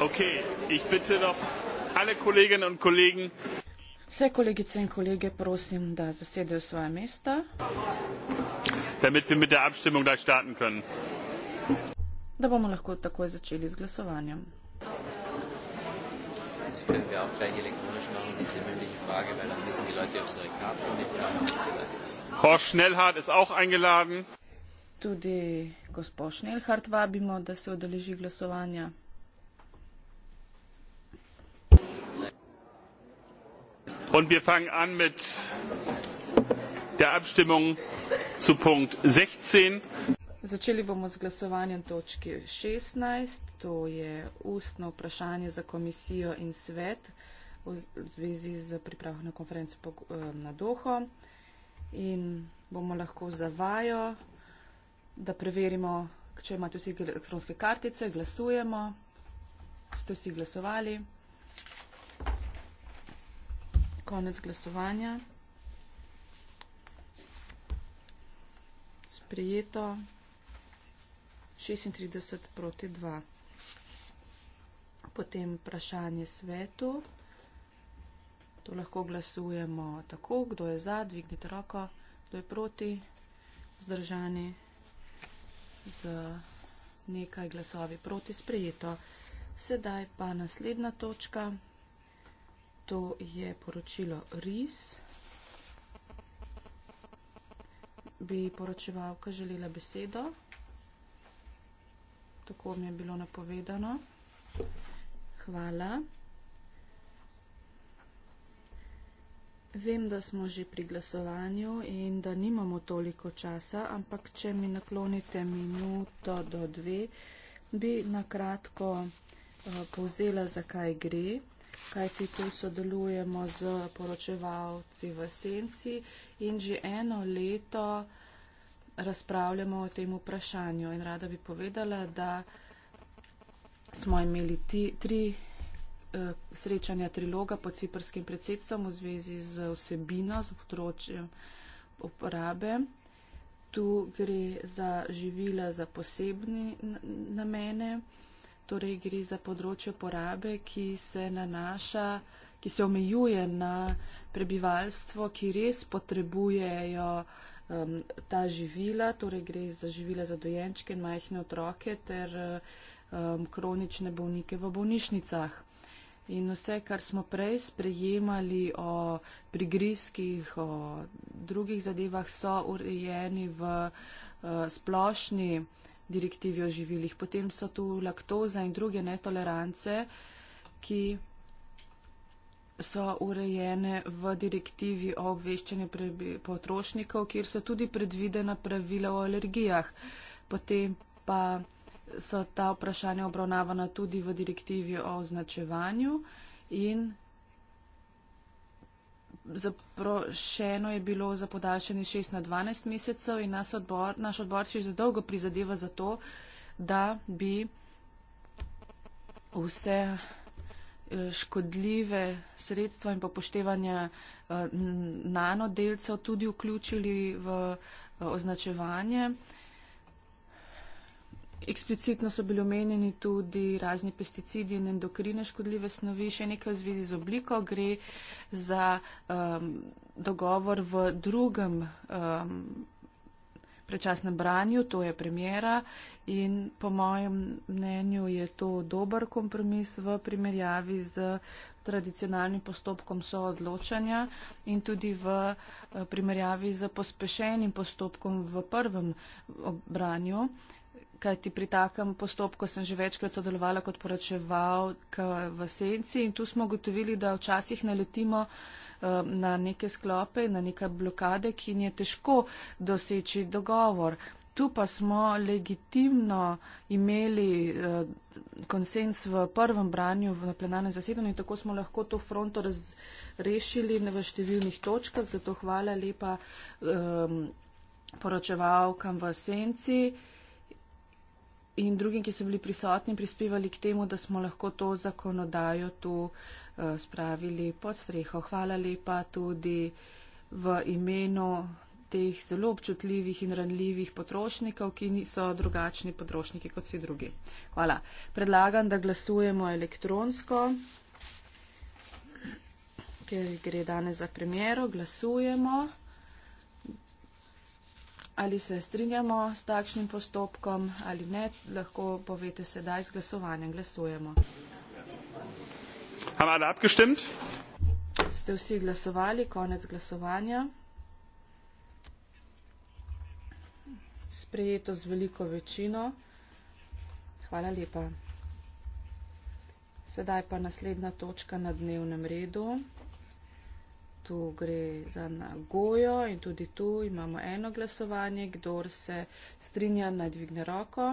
Okay, ich bitte noch alle Kolleginnen und Kollegen. Vse kolegice in kolege prosim, da zasedejo svoje mesta. Damit wir mit der Abstimmung gleich starten können. Da bomo lahko takoj začeli z glasovanjem. Horst Schnellhardt ist auch eingeladen. Tudi gospod Schnellhardt vabimo, da se odeleži glasovanja. und wir fangen an mit der Abstimmung zu Punkt 16. Začeli bomo z glasovanjem točke 16, to je ustno vprašanje za komisijo in svet v zvezi z pripravo na konferenco eh, na Doho. In bomo lahko zavajo, da preverimo, če imate vsi elektronske kartice, glasujemo, ste vsi glasovali. Konec glasovanja. Sprijeto 36 proti 2. Potem vprašanje svetu. To lahko glasujemo tako, kdo je za, dvignite roko, kdo je proti, zdržani z nekaj glasovi proti sprejeto. Sedaj pa naslednja točka to je poročilo RIS. Bi poročevalka želela besedo, tako mi je bilo napovedano. Hvala. Vem, da smo že pri glasovanju in da nimamo toliko časa, ampak če mi naklonite minuto do dve, bi na kratko uh, povzela, zakaj gre kajti tu sodelujemo z poročevalci v Senci in že eno leto razpravljamo o tem vprašanju. In rada bi povedala, da smo imeli ti, tri eh, srečanja triloga pod ciprskim predsedstvom v zvezi z vsebino, z področjem uporabe. Tu gre za živila za posebne namene. Na torej gre za področje porabe, ki se nanaša, ki se omejuje na prebivalstvo, ki res potrebujejo um, ta živila, torej gre za živila za dojenčke in majhne otroke ter um, kronične bolnike v bolnišnicah. In vse, kar smo prej sprejemali o prigrizkih, o drugih zadevah, so urejeni v uh, splošni direktivi o živilih. Potem so tu laktoza in druge netolerance, ki so urejene v direktivi o obveščanju potrošnikov, kjer so tudi predvidena pravila o alergijah. Potem pa so ta vprašanja obravnavana tudi v direktivi o označevanju in zaprošeno je bilo za podaljšanje 6 na 12 mesecev in nas odbor, naš odbor še za dolgo prizadeva za to, da bi vse eh, škodljive sredstva in pa poštevanje eh, nanodelcev tudi vključili v eh, označevanje. Eksplicitno so bili omenjeni tudi razni pesticidi in endokrine škodljive snovi. Še nekaj v zvezi z obliko gre za um, dogovor v drugem um, prečasnem branju, to je premjera in po mojem mnenju je to dober kompromis v primerjavi z tradicionalnim postopkom soodločanja in tudi v eh, primerjavi z pospešenim postopkom v prvem eh, branju, kaj ti pri takem postopku sem že večkrat sodelovala kot poročevalka v senci in tu smo ugotovili, da včasih naletimo eh, na neke sklope, na neke blokade, ki jim je težko doseči dogovor. Tu pa smo legitimno imeli eh, konsens v prvem branju na plenarnem zasedanju in tako smo lahko to fronto razrešili v številnih točkah. Zato hvala lepa um, poročevalkam v senci in drugim, ki so bili prisotni, prispevali k temu, da smo lahko to zakonodajo tu eh, spravili pod streho. Hvala lepa tudi v imenu teh zelo občutljivih in ranljivih potrošnikov, ki niso drugačni potrošniki kot vsi drugi. Hvala. Predlagam, da glasujemo elektronsko, ker gre danes za premjero. Glasujemo ali se strinjamo s takšnim postopkom ali ne, lahko povete sedaj z glasovanjem. Glasujemo. Ste vsi glasovali, konec glasovanja. Sprejeto z veliko večino. Hvala lepa. Sedaj pa naslednja točka na dnevnem redu tu gre za nagojo in tudi tu imamo eno glasovanje, kdor se strinja, naj dvigne roko.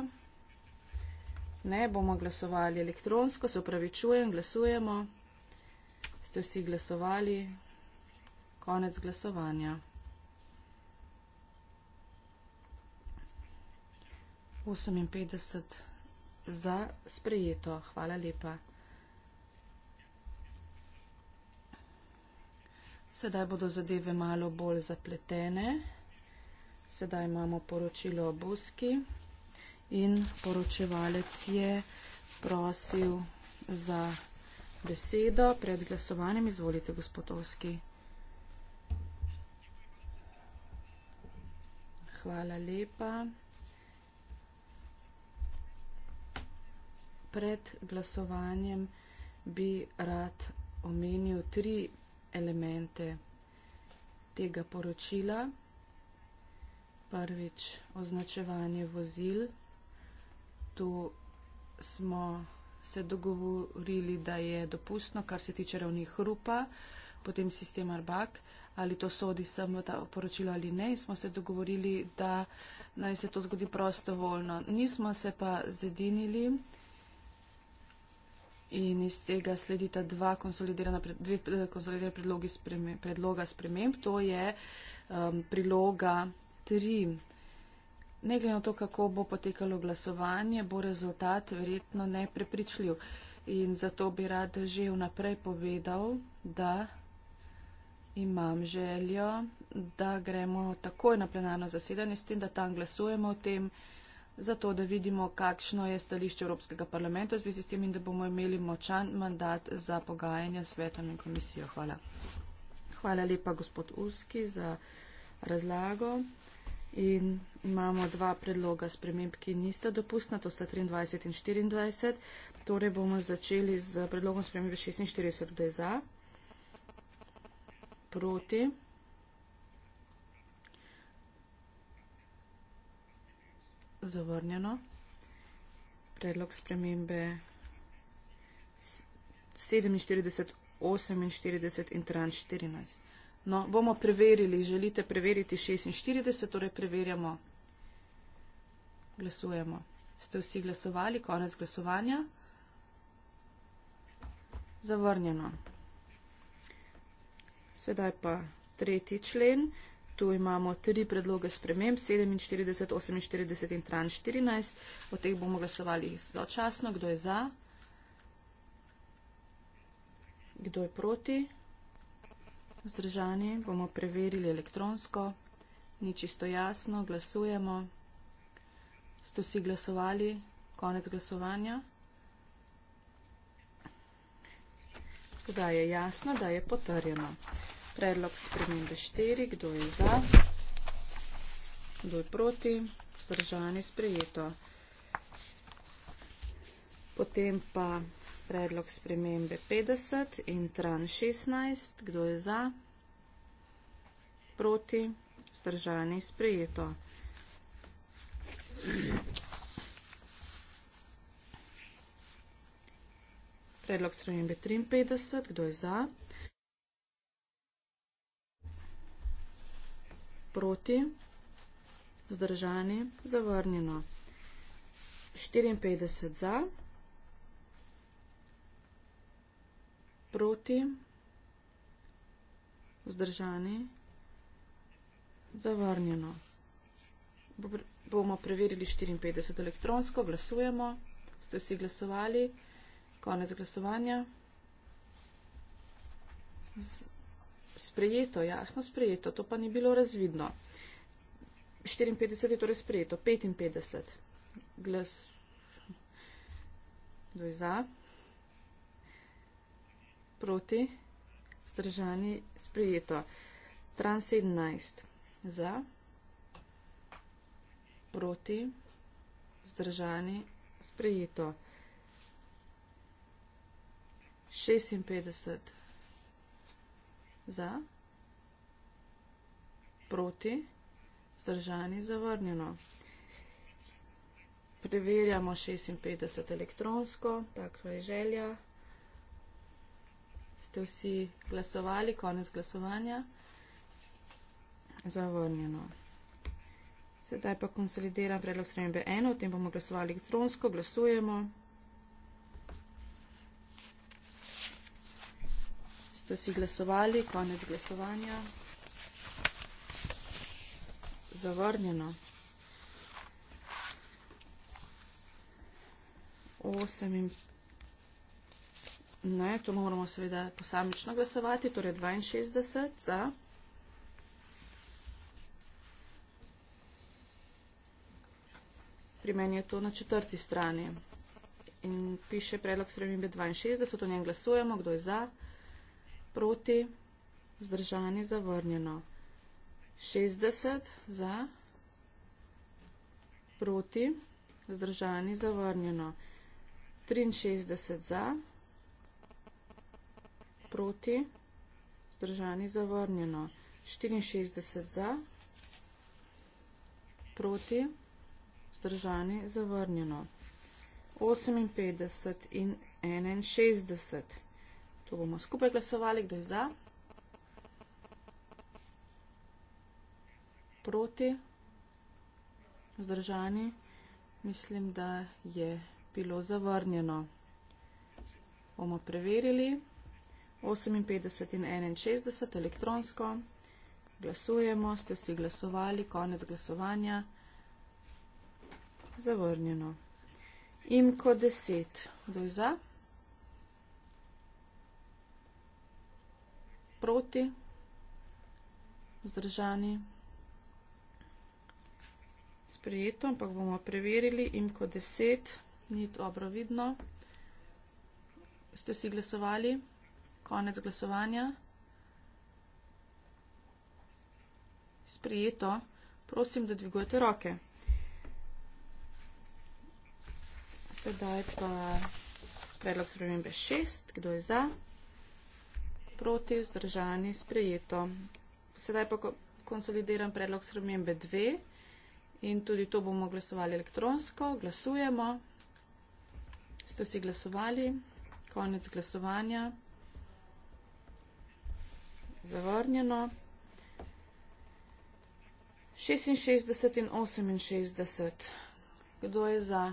Ne, bomo glasovali elektronsko, se upravičujem, glasujemo. Ste vsi glasovali? Konec glasovanja. Oseminpetdeset za sprejeto. Hvala lepa. Sedaj bodo zadeve malo bolj zapletene. Sedaj imamo poročilo o buski in poročevalec je prosil za besedo pred glasovanjem. Izvolite, gospod Ovski. Hvala lepa. Pred glasovanjem bi rad omenil tri elemente tega poročila. Prvič, označevanje vozil. Tu smo se dogovorili, da je dopustno, kar se tiče ravni hrupa, potem sistem Arbak, ali to sodi sem v ta poročilo ali ne. Smo se dogovorili, da naj se to zgodi prostovoljno. Nismo se pa zedinili in iz tega sledita dva konsolidirana, dve eh, konsolidirana predlogi spremem, predloga sprememb, to je um, priloga tri. Ne glede na to, kako bo potekalo glasovanje, bo rezultat verjetno neprepričljiv. In zato bi rad že vnaprej povedal, da imam željo, da gremo takoj na plenarno zasedanje s tem, da tam glasujemo o tem, zato da vidimo, kakšno je stališče Evropskega parlamenta v zvezi s tem in da bomo imeli močan mandat za pogajanja s svetom in komisijo. Hvala. Hvala lepa, gospod Uski, za razlago. In imamo dva predloga sprememb, ki nista dopustna, to sta 23 in 24. Torej bomo začeli z predlogom spremembe 46, kdo je za. Proti. zavrnjeno. Predlog spremembe 47, 48 in tran 14. No, bomo preverili, želite preveriti 46, torej preverjamo. Glasujemo. Ste vsi glasovali, konec glasovanja? Zavrnjeno. Sedaj pa tretji člen. Tu imamo tri predloge sprememb, 47, 48 in 314. O teh bomo glasovali zločasno. Kdo je za? Kdo je proti? Zdržani bomo preverili elektronsko. Ni čisto jasno. Glasujemo. Ste vsi glasovali? Konec glasovanja. Sedaj je jasno, da je potrjeno. Predlog spremembe 4. Kdo je za? Kdo je proti? Zdržani sprejeto. Potem pa predlog spremembe 50 in tran 16. Kdo je za? Proti? Zdržani sprejeto. Predlog spremembe 53. Kdo je za? proti, vzdržani, zavrnjeno. 54 za, proti, vzdržani, zavrnjeno. Bomo preverili 54 elektronsko, glasujemo, ste vsi glasovali, konec glasovanja sprejeto, jasno sprejeto, to pa ni bilo razvidno. 54 je torej sprejeto, 55 glas. Kdo je za? Proti? Stržani sprejeto. Trans 17 za. Proti? Stržani sprejeto. 56 za, proti, zdržani, zavrnjeno. Preverjamo 56 elektronsko, tako je želja. Ste vsi glasovali, konec glasovanja, zavrnjeno. Sedaj pa konsolidiram predlog sremenbe 1, o tem bomo glasovali elektronsko, glasujemo. ste si glasovali, konec glasovanja. Zavrnjeno. 8 in... Ne, to moramo seveda posamično glasovati, torej 62 za. Pri meni je to na četrti strani. In piše predlog sremenbe 62, o njem glasujemo, kdo je za proti, vzdržani zavrnjeno. 60 za, proti, vzdržani zavrnjeno. 63 za, proti, vzdržani zavrnjeno. 64 za, proti, vzdržani zavrnjeno. 58 in 61 ko bomo skupaj glasovali, kdo je za, proti, vzdržani, mislim, da je bilo zavrnjeno. Bomo preverili 58 in 61 elektronsko. Glasujemo, ste vsi glasovali, konec glasovanja. Zavrnjeno. Imko 10. Kdo je za? sproti, vzdržani, sprijeto, ampak bomo preverili, im kot deset, ni dobro vidno. Ste vsi glasovali? Konec glasovanja. Sprijeto, prosim, da dvigujete roke. Sedaj pa predlog spremembe šest, kdo je za? proti vzdržani sprejeto. Sedaj pa konsolidiran predlog sremembe 2 in tudi to bomo glasovali elektronsko. Glasujemo. Ste vsi glasovali? Konec glasovanja. Zavrnjeno. 66 in 68. Kdo je za?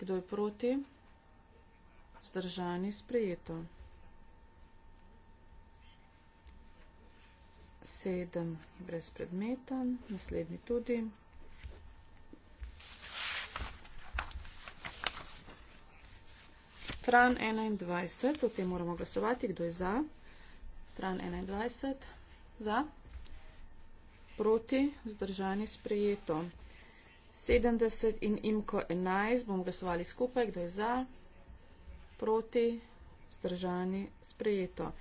Kdo je proti? Zdržani sprejeto. Sedem brezpredmeten, naslednji tudi. Tran 21, o tem moramo glasovati, kdo je za. Tran 21, za. Proti, zdržani sprejeto. 70 in imko 11, bomo glasovali skupaj, kdo je za proti, vzdržani, sprejeto.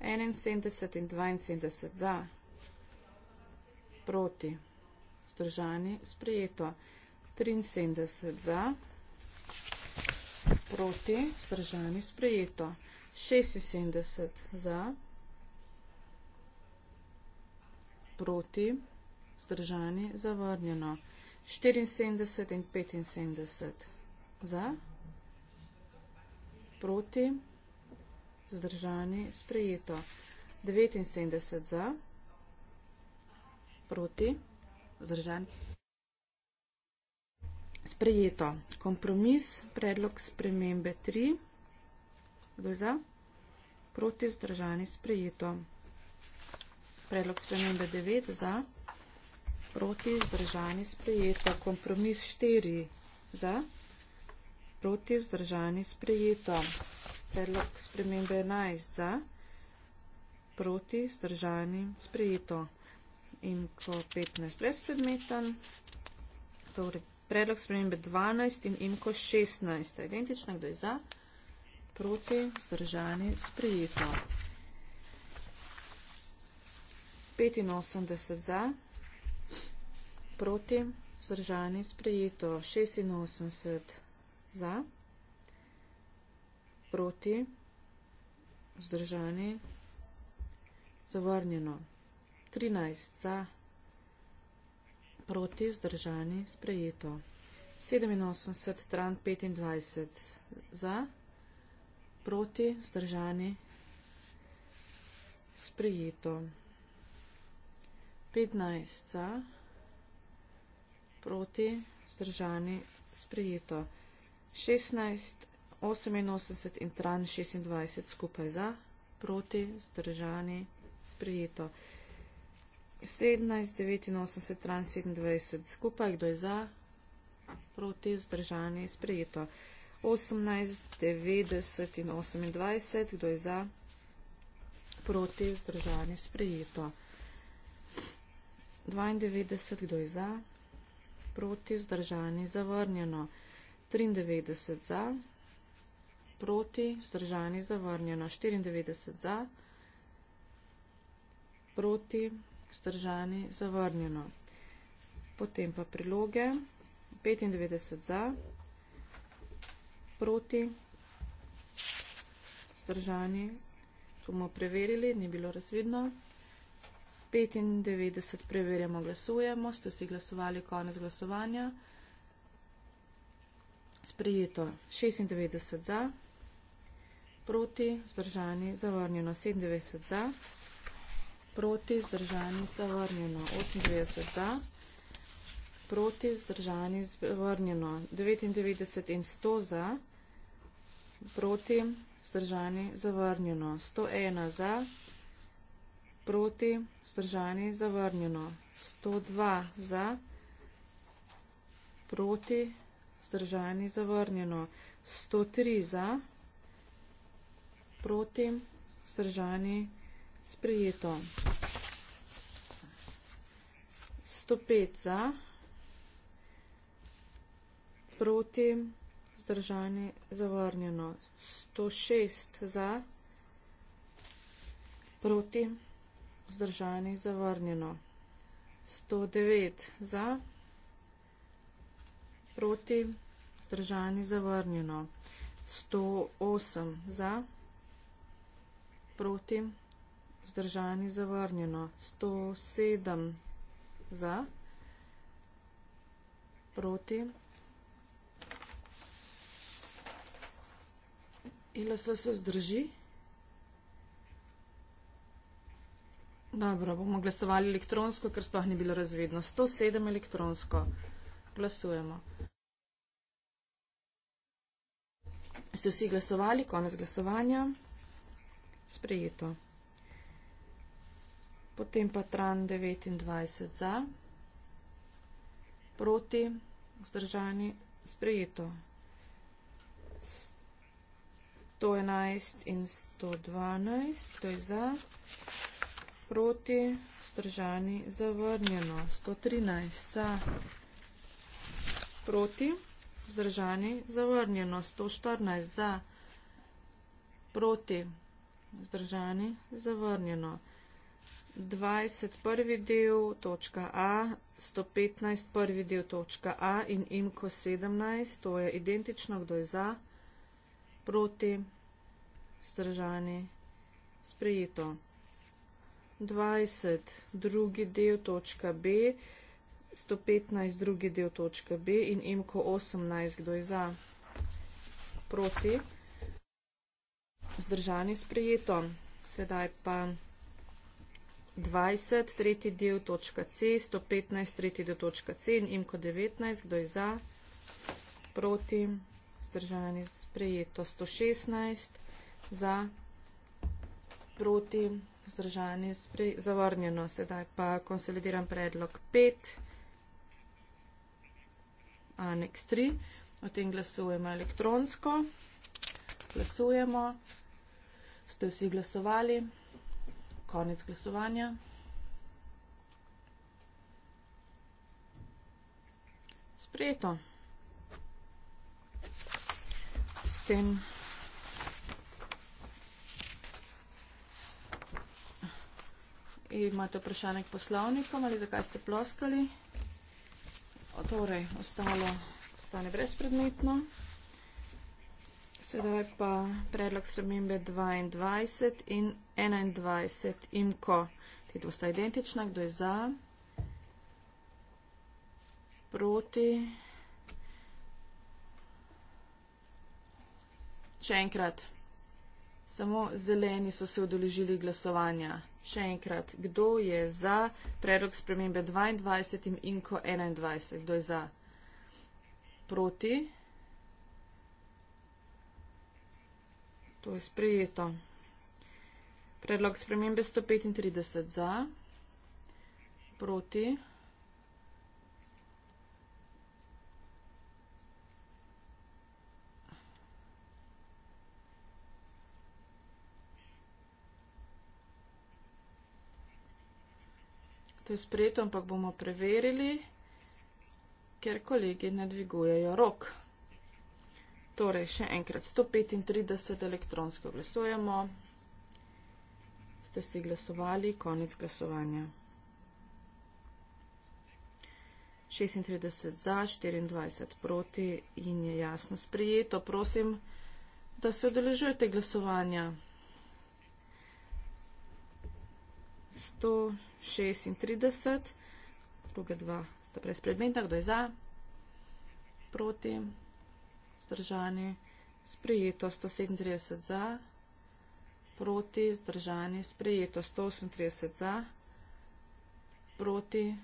71 in 72 za, proti, vzdržani, sprejeto. 73 za, proti, vzdržani, sprejeto. 76 za, proti, vzdržani, zavrnjeno. 74 in 75 za, proti, vzdržani, sprejeto proti, vzdržani, sprejeto. 79 za, proti, vzdržani. Sprejeto. Kompromis, predlog spremembe 3. Kdo je za? Proti, vzdržani, sprejeto. Predlog spremembe 9 za, proti, vzdržani, sprejeto. Kompromis 4 za, sprejeto proti zdržani sprejeto. Predlog spremembe 11 za proti zdržani sprejeto. In ko 15 brezpredmeten, torej predlog spremembe 12 in in ko 16. Identično, kdo je za proti zdržani sprejeto. 85 za proti zdržani sprejeto. 86 za, proti, vzdržani, zavrnjeno. 13 za, proti, vzdržani, sprejeto. 87, tran 25 za, proti, vzdržani, sprejeto. 15 za, proti, vzdržani, sprejeto. 16, 88 in 26 skupaj za, proti, zdržani, sprijeto. 17, 89, 27 skupaj, kdo je za, proti, zdržani, sprijeto. 18, 90 in 28, kdo je za, proti, zdržani, sprijeto. 92, kdo je za, proti, zdržani, zavrnjeno. 93 za, proti, vzdržani, zavrnjeno, 94 za, proti, vzdržani, zavrnjeno. Potem pa priloge, 95 za, proti, vzdržani, bomo preverili, ni bilo razvidno. 95 preverjamo, glasujemo, ste vsi glasovali, konec glasovanja sprejeto 96 za, proti zdržani zavrnjeno 97 za, proti zdržani zavrnjeno 98 za, proti zdržani zavrnjeno 99 in 100 za, proti zdržani zavrnjeno 101 za, proti zdržani zavrnjeno 102 za, proti zdržani zavrnjeno 102 za, vzdržani zavrnjeno, 103 za, proti, vzdržani sprijeto, 105 za, proti, vzdržani zavrnjeno, 106 za, proti, vzdržani zavrnjeno, 109 za, proti, proti, zdržani zavrnjeno. 108 za, proti, zdržani zavrnjeno. 107 za, proti. ILS se zdrži. Dobro, bomo glasovali elektronsko, ker sploh ni bilo razvedno. 107 elektronsko. Glasujemo. Ste vsi glasovali? Konec glasovanja. Sprejeto. Potem pa tran 29 za, proti, vzdržani, sprejeto. 111 in 112, to je za, proti, vzdržani, zavrnjeno. 113 za. Proti. Zdržani. Zavrnjeno. 114 za. Proti. Zdržani. Zavrnjeno. 20 prvi del točka A, 115 prvi del točka A in imko 17, to je identično, kdo je za, proti, zdržani, sprejeto. 20 drugi del točka B, 115, drugi del točke B in imko 18, kdo je za, proti, zdržani sprejeto. Sedaj pa 20, tretji del točka C, 115, tretji del točka C in imko 19, kdo je za, proti, zdržani sprejeto. 116, za, proti, zdržani sprejeto, zavrnjeno. Sedaj pa konsolidiran predlog 5 aneks 3. O tem glasujemo elektronsko. Glasujemo. Ste vsi glasovali? Konec glasovanja. Sprejeto. S tem imate vprašanje k poslovnikom ali zakaj ste ploskali? torej ostalo stane brezpredmetno. Sedaj pa predlog spremembe 22 in 21 in ko. Ti dva sta identična, kdo je za, proti. Še enkrat. Samo zeleni so se odeležili glasovanja. Še enkrat, kdo je za predlog spremembe 22 in ko 21? Kdo je za? Proti? To je sprejeto. Predlog spremembe 135 za. Proti? To je sprejeto, ampak bomo preverili, ker kolegi ne dvigujejo rok. Torej, še enkrat 135 elektronsko glasujemo. Ste si glasovali, konec glasovanja. 36 za, 24 proti in je jasno sprejeto. Prosim, da se odeležujete glasovanja. 136, druga dva sta brez predmeta, kdo je za, proti, zdržani, sprejeto 137 za, proti, zdržani, sprejeto 138 za, proti,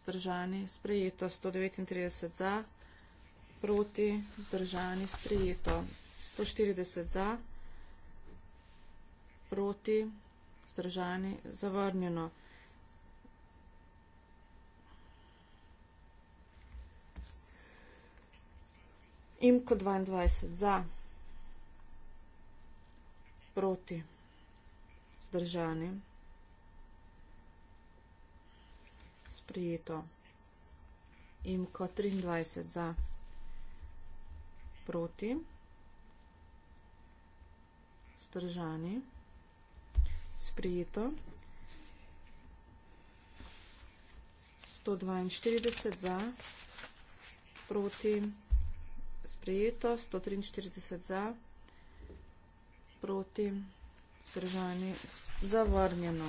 zdržani, sprejeto 139 za, proti, zdržani, sprejeto 140 za, proti, vzdržani, zavrnjeno. Imko 22, za, proti, vzdržani, sprijeto. Imko 23, za, proti, vzdržani, sprijeto sprejeto. 142 za, proti, sprejeto, 143 za, proti, zdržani, zavrnjeno.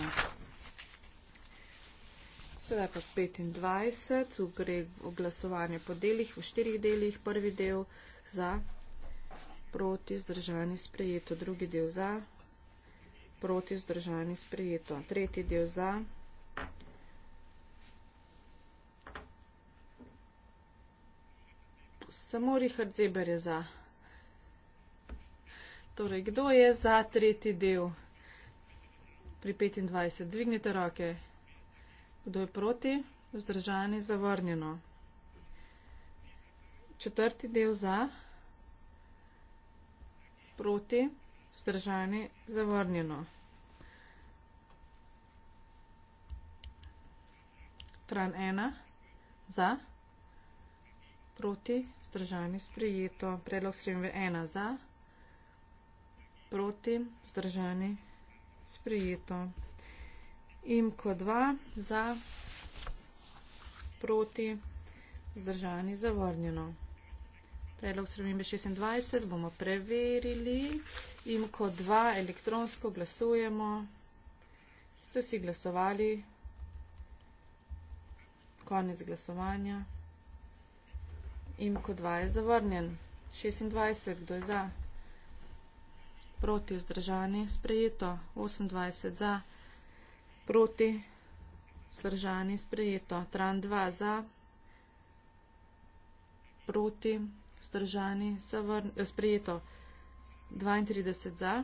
Sedaj pa 25, tu gre v glasovanje po delih, v štirih delih, prvi del za, proti, zdržani, sprejeto, drugi del za, proti zdržani sprejeto. Tretji del za. Samo Richard Zeber je za. Torej, kdo je za tretji del pri 25? Dvignite roke. Kdo je proti? Vzdržani zavrnjeno. Četrti del za. Proti. Zdržani, zavrnjeno. Tran ena, za. Proti, zdržani, sprijeto. Predlog sremve ena, za. Proti, zdržani, sprijeto. Imko dva, za. Proti, zdržani, zavrnjeno. Predlog sremve 26 bomo preverili. Zdržani, zavrnjeno in ko dva elektronsko glasujemo, ste vsi glasovali, konec glasovanja, in ko dva je zavrnjen, 26, kdo je za, proti vzdržani, sprejeto, 28 za, proti vzdržani, sprejeto, tran 2 za, proti vzdržani, sprejeto. 32 za,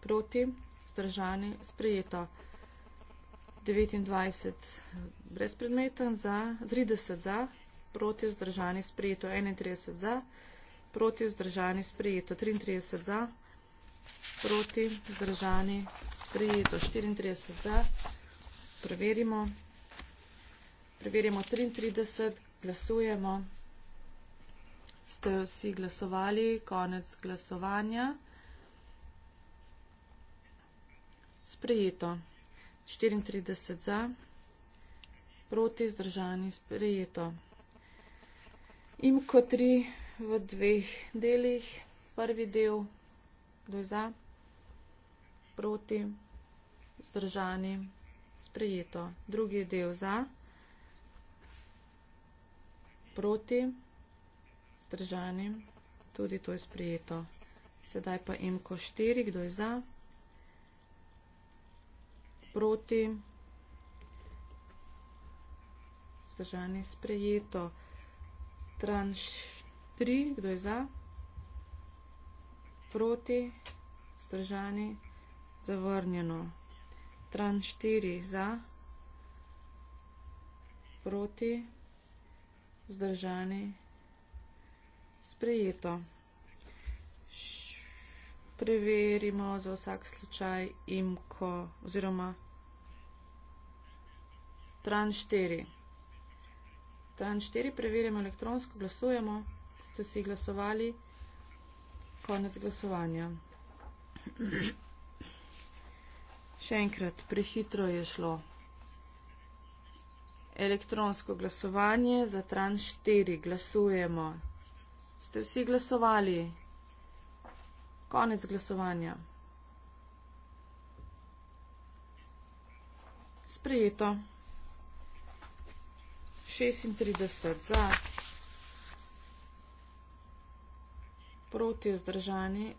proti, zdržani, sprejeto. 29 brezpredmeten za, 30 za, proti, zdržani, sprejeto. 31 za, proti, zdržani, sprejeto. 33 za, proti, zdržani, sprejeto. 34 za, preverimo. Preverimo 33, glasujemo ste vsi glasovali, konec glasovanja. Sprejeto. 34 za, proti zdržani sprejeto. Imko 3 v dveh delih. Prvi del, kdo je za, proti zdržani sprejeto. Drugi del za, proti zdržani sprejeto vzdržanim, tudi to je sprejeto. Sedaj pa imko 4, kdo je za, proti, vzdržani sprejeto, tranš 3, kdo je za, proti, vzdržani, zavrnjeno, tranš 4 za, proti, vzdržani, zavrnjeno. Sprejeto. Preverimo za vsak slučaj imko oziroma tran 4. Tran 4 preverimo elektronsko, glasujemo. Ste vsi glasovali? Konec glasovanja. Še enkrat, prehitro je šlo. Elektronsko glasovanje za tran 4 glasujemo. Ste vsi glasovali? Konec glasovanja. Sprejeto. 36 za. Proti vzdržani.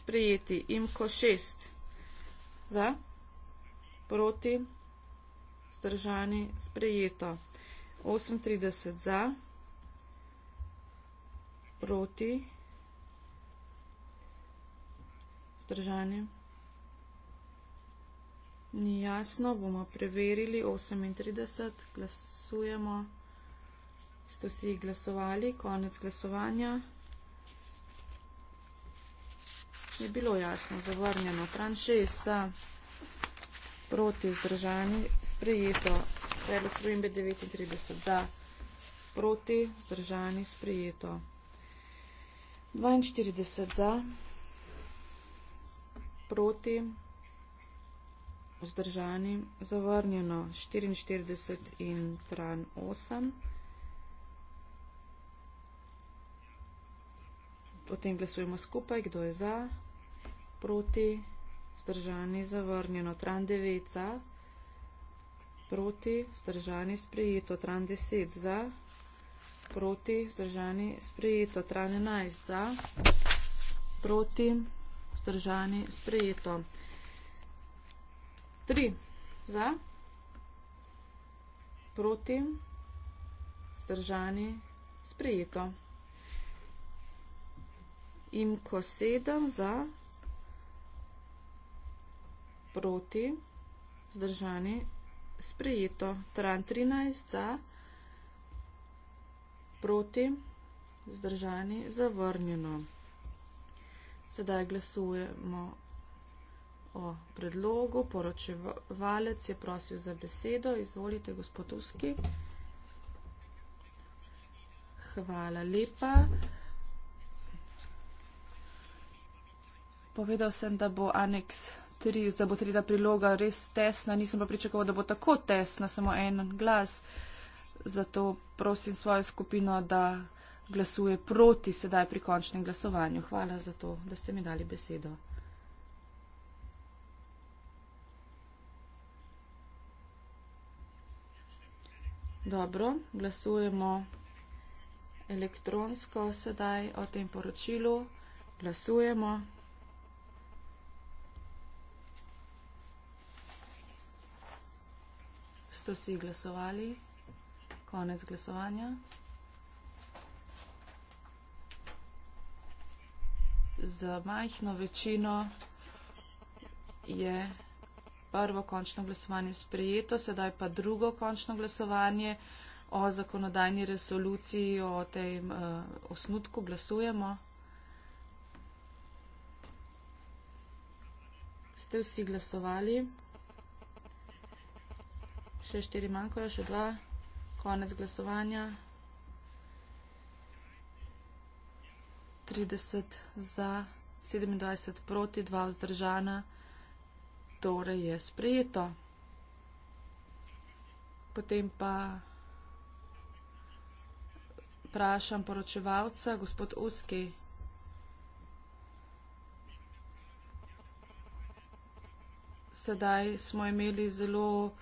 Sprejeti. Imko 6 za. Proti vzdržani. Sprejeto. 38 za proti, zdržanje. Ni jasno, bomo preverili. 38 glasujemo. Ste vsi glasovali, konec glasovanja. Je bilo jasno, zavrnjeno. Tran 6 za proti vzdržani, sprejeto. Predlog 39 za proti vzdržani, sprejeto. 42 za, proti, vzdržani, zavrnjeno 44 in tran 8. O tem glasujemo skupaj, kdo je za, proti, vzdržani, zavrnjeno tran 9 za, proti, vzdržani, sprejeto tran 10 za proti, vzdržani, sprejeto. Tran 11 za, proti, vzdržani, sprejeto. 3 za, proti, vzdržani, sprejeto. In ko sedem za, proti, vzdržani, sprejeto. Tran 13 za, proti, vzdržani, sprejeto proti, zdržani, zavrnjeno. Sedaj glasujemo o predlogu. Poročevalec je prosil za besedo. Izvolite, gospod Uski. Hvala lepa. Povedal sem, da bo aneks 3, da bo 3. priloga res tesna. Nisem pa pričakoval, da bo tako tesna, samo en glas. Uh, zato prosim svojo skupino, da glasuje proti sedaj pri končnem glasovanju. Hvala za to, da ste mi dali besedo. Dobro, glasujemo elektronsko sedaj o tem poročilu. Glasujemo. Ste vsi glasovali? Konec glasovanja. Za majhno večino je prvo končno glasovanje sprejeto, sedaj pa drugo končno glasovanje o zakonodajni resoluciji, o tej uh, osnutku glasujemo. Ste vsi glasovali? Še štiri manjkajo, še dva konec glasovanja. 30 za, 27 proti, 2 vzdržana. Torej je sprejeto. Potem pa vprašam poročevalca, gospod Uski. Sedaj smo imeli zelo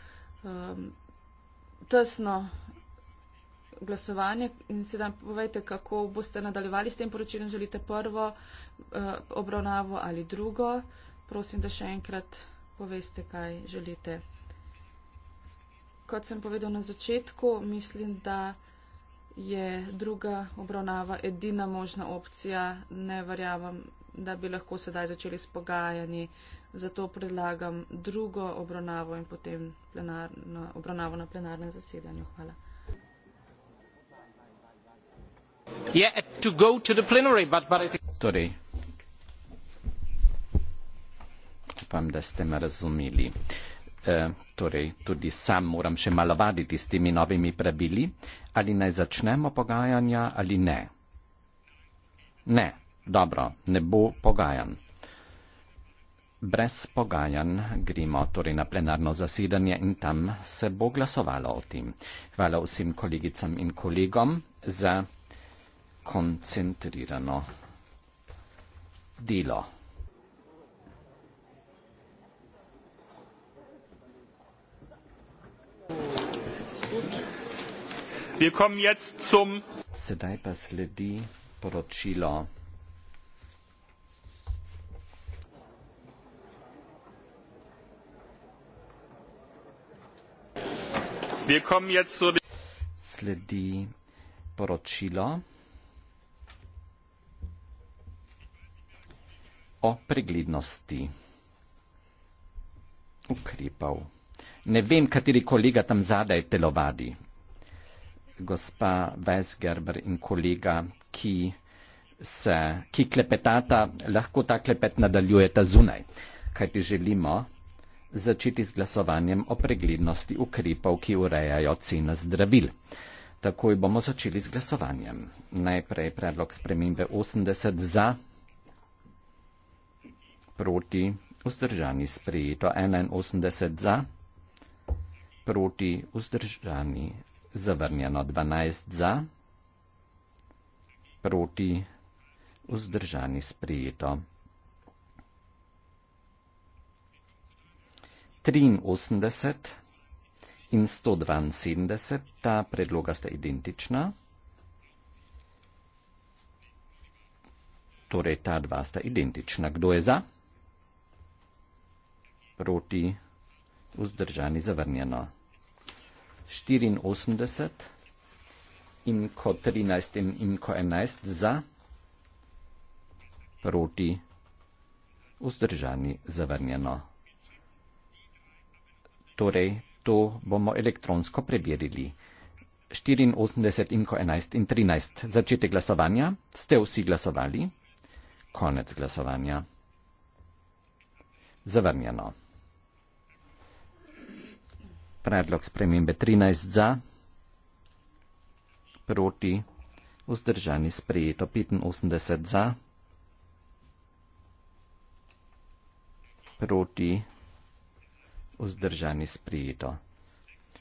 um, tesno glasovanje in se nam povejte, kako boste nadaljevali s tem poročilom. Želite prvo eh, obravnavo ali drugo? Prosim, da še enkrat poveste, kaj želite. Kot sem povedal na začetku, mislim, da je druga obravnava edina možna opcija. Ne verjamem, da bi lahko sedaj začeli s pogajanji. Zato predlagam drugo obravnavo in potem obravnavo na plenarnem zasedanju. Hvala. Torej, upam, da ste me razumeli. E, torej, tudi sam moram še malo vaditi s temi novimi pravili, ali naj začnemo pogajanja ali ne. Ne, dobro, ne bo pogajan. Brez pogajan gremo torej na plenarno zasedanje in tam se bo glasovalo o tem. Hvala vsem kolegicam in kolegom za koncentrirano delo. Sedaj pa sledi poročilo Wir kommen jetzt zur... Sledi poročilo. preglednosti ukrepov. Ne vem, kateri kolega tam zadaj telovadi. Gospa Weisgerber in kolega, ki, se, ki klepetata, lahko ta klepet nadaljujete zunaj. Kaj ti želimo? Začeti z glasovanjem o preglednosti ukrepov, ki urejajo cene zdravil. Takoj bomo začeli z glasovanjem. Najprej predlog spremembe 80 za proti, vzdržani sprejeto, 81 za, proti, vzdržani, zavrnjeno, 12 za, proti, vzdržani sprejeto. 83 in 172, ta predloga sta identična. Torej, ta dva sta identična. Kdo je za? proti, vzdržani, zavrnjeno. 84 in ko 13 in ko 11 za, proti, vzdržani, zavrnjeno. Torej, to bomo elektronsko preverili. 84 in ko 11 in 13. Začete glasovanja. Ste vsi glasovali? Konec glasovanja. Zavrnjeno predlog spremembe 13 za, proti, vzdržani sprejeto 85 za, proti, vzdržani sprejeto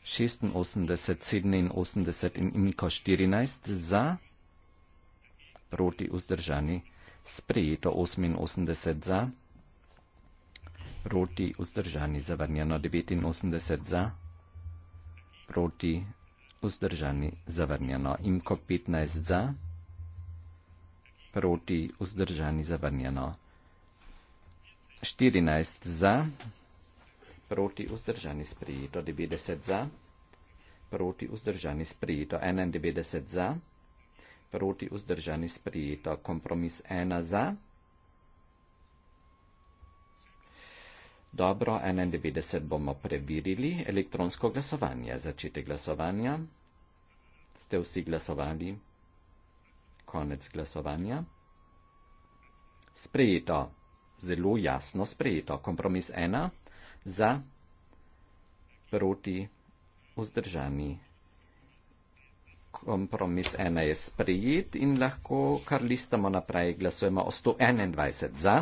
86, 87 in imiko 14 za, proti, vzdržani sprejeto 88 za, proti, vzdržani zavrnjeno 89 za proti, vzdržani, zavrnjeno. In ko 15 za, proti, vzdržani, zavrnjeno. 14 za, proti, vzdržani, sprijeto. 90 za, proti, vzdržani, sprijeto. 91 za, proti, vzdržani, sprijeto. Kompromis 1 za. Dobro, 91 bomo preverili. Elektronsko glasovanje. Začetek glasovanja. Ste vsi glasovali? Konec glasovanja. Sprejeto. Zelo jasno sprejeto. Kompromis 1. Za. Proti. Vzdržani. Kompromis 1 je sprejet in lahko kar listamo naprej. Glasujemo o 121 za.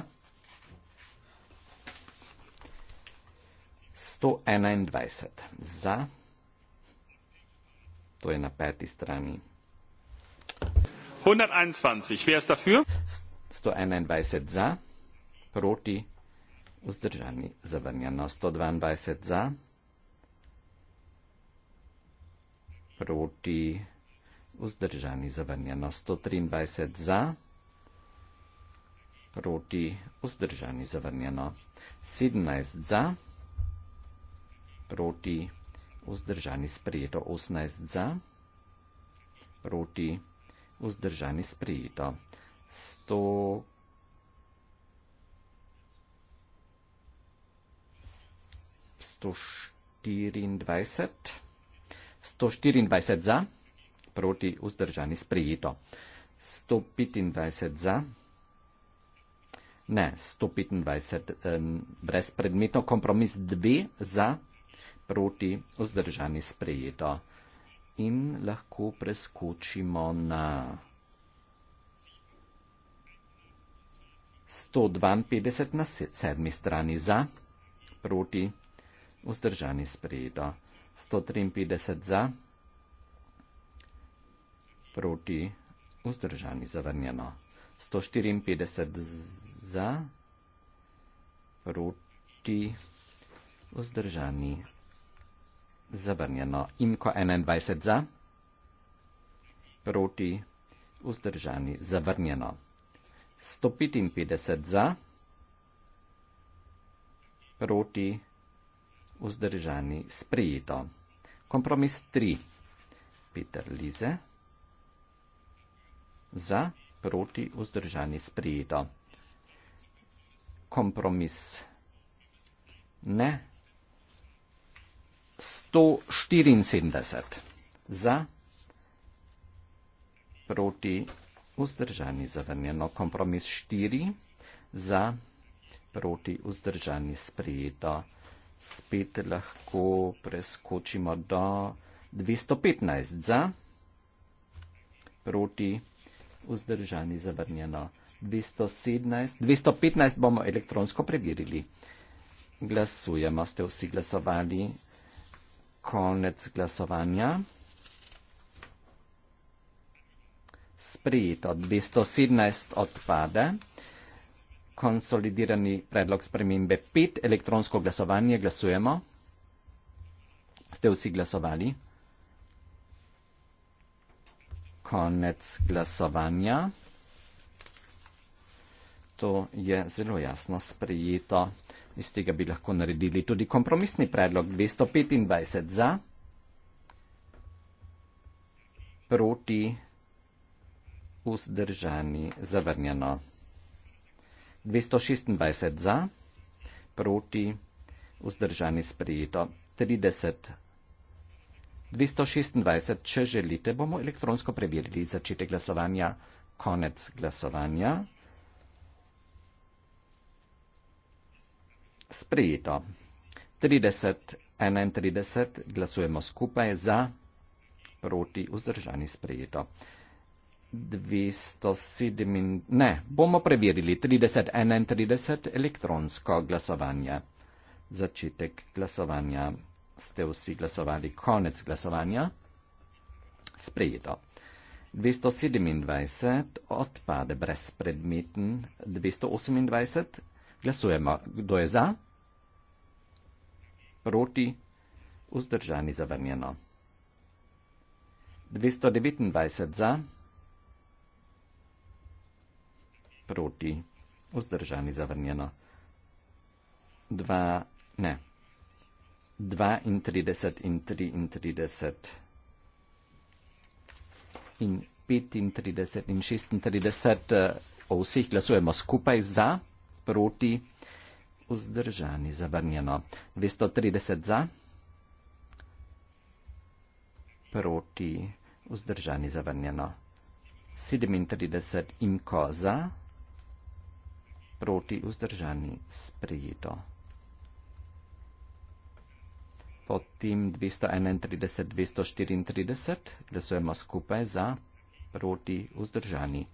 121 za, to je na peti strani. 121, kdo je dafür? 121 za, proti, vzdržani, zavrnjeno. 122 za, proti, vzdržani, zavrnjeno. 123 za, proti, vzdržani, zavrnjeno. 17 za, proti, vzdržani, zavrnjeno proti vzdržani sprejeto 18 za, proti vzdržani sprejeto 100. 124 za, proti vzdržani sprejeto. 125 za, ne, 125 eh, brezpredmetno, kompromis 2 za, proti, vzdržani sprejeto. In lahko preskočimo na 152 na sedmi strani za, proti, vzdržani sprejeto. 153 za, proti, vzdržani zavrnjeno. 154 za, proti, vzdržani zavrnjeno. Imko 21 za, proti, vzdržani, zavrnjeno. 155 za, proti, vzdržani, sprijeto. Kompromis 3. Peter Lize, za, proti, vzdržani, sprijeto. Kompromis ne, 174 za, proti vzdržani zavrnjeno kompromis 4 za, proti vzdržani sprejeto. Spet lahko preskočimo do 215 za, proti vzdržani zavrnjeno 217. 215 bomo elektronsko preverili. Glasujemo, ste vsi glasovali konec glasovanja. Sprejeto 217 odpade. Konsolidirani predlog spremembe 5. Elektronsko glasovanje glasujemo. Ste vsi glasovali? Konec glasovanja. To je zelo jasno sprejeto. Iz tega bi lahko naredili tudi kompromisni predlog 225 za, proti, vzdržani, zavrnjeno. 226 za, proti, vzdržani, sprejeto. 30. 226, če želite, bomo elektronsko preverili začetek glasovanja, konec glasovanja. sprejeto. 30-31 glasujemo skupaj za, proti vzdržani sprejeto. 207, ne, bomo preverili 30-31 elektronsko glasovanje. Začetek glasovanja. Ste vsi glasovali? Konec glasovanja? Sprejeto. 227 odpade brezpredmeten. 228 glasujemo. Kdo je za? proti, vzdržani zavrnjeno. 229 za, proti, vzdržani zavrnjeno. 2 ne. 32 in 33 in 35 in 36 eh, o vseh glasujemo skupaj za, proti vzdržani zavrnjeno. 230 za, proti vzdržani zavrnjeno. 37 in ko za, proti vzdržani sprejeto. Potem 231, 234, glasujemo skupaj za, proti vzdržani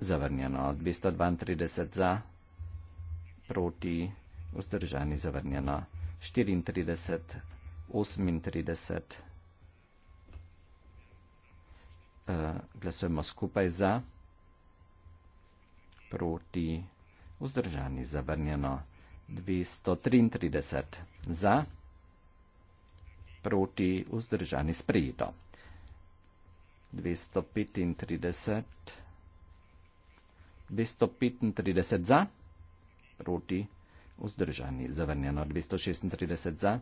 zavrnjeno. 232 za, proti vzdržani zavrnjeno proti, vzdržani, zavrnjena 34, 38. Glasujemo skupaj za, proti, vzdržani, zavrnjeno 233, za, proti, vzdržani, sprejeto 235, 235 za proti, vzdržani, zavrnjeno 236 za,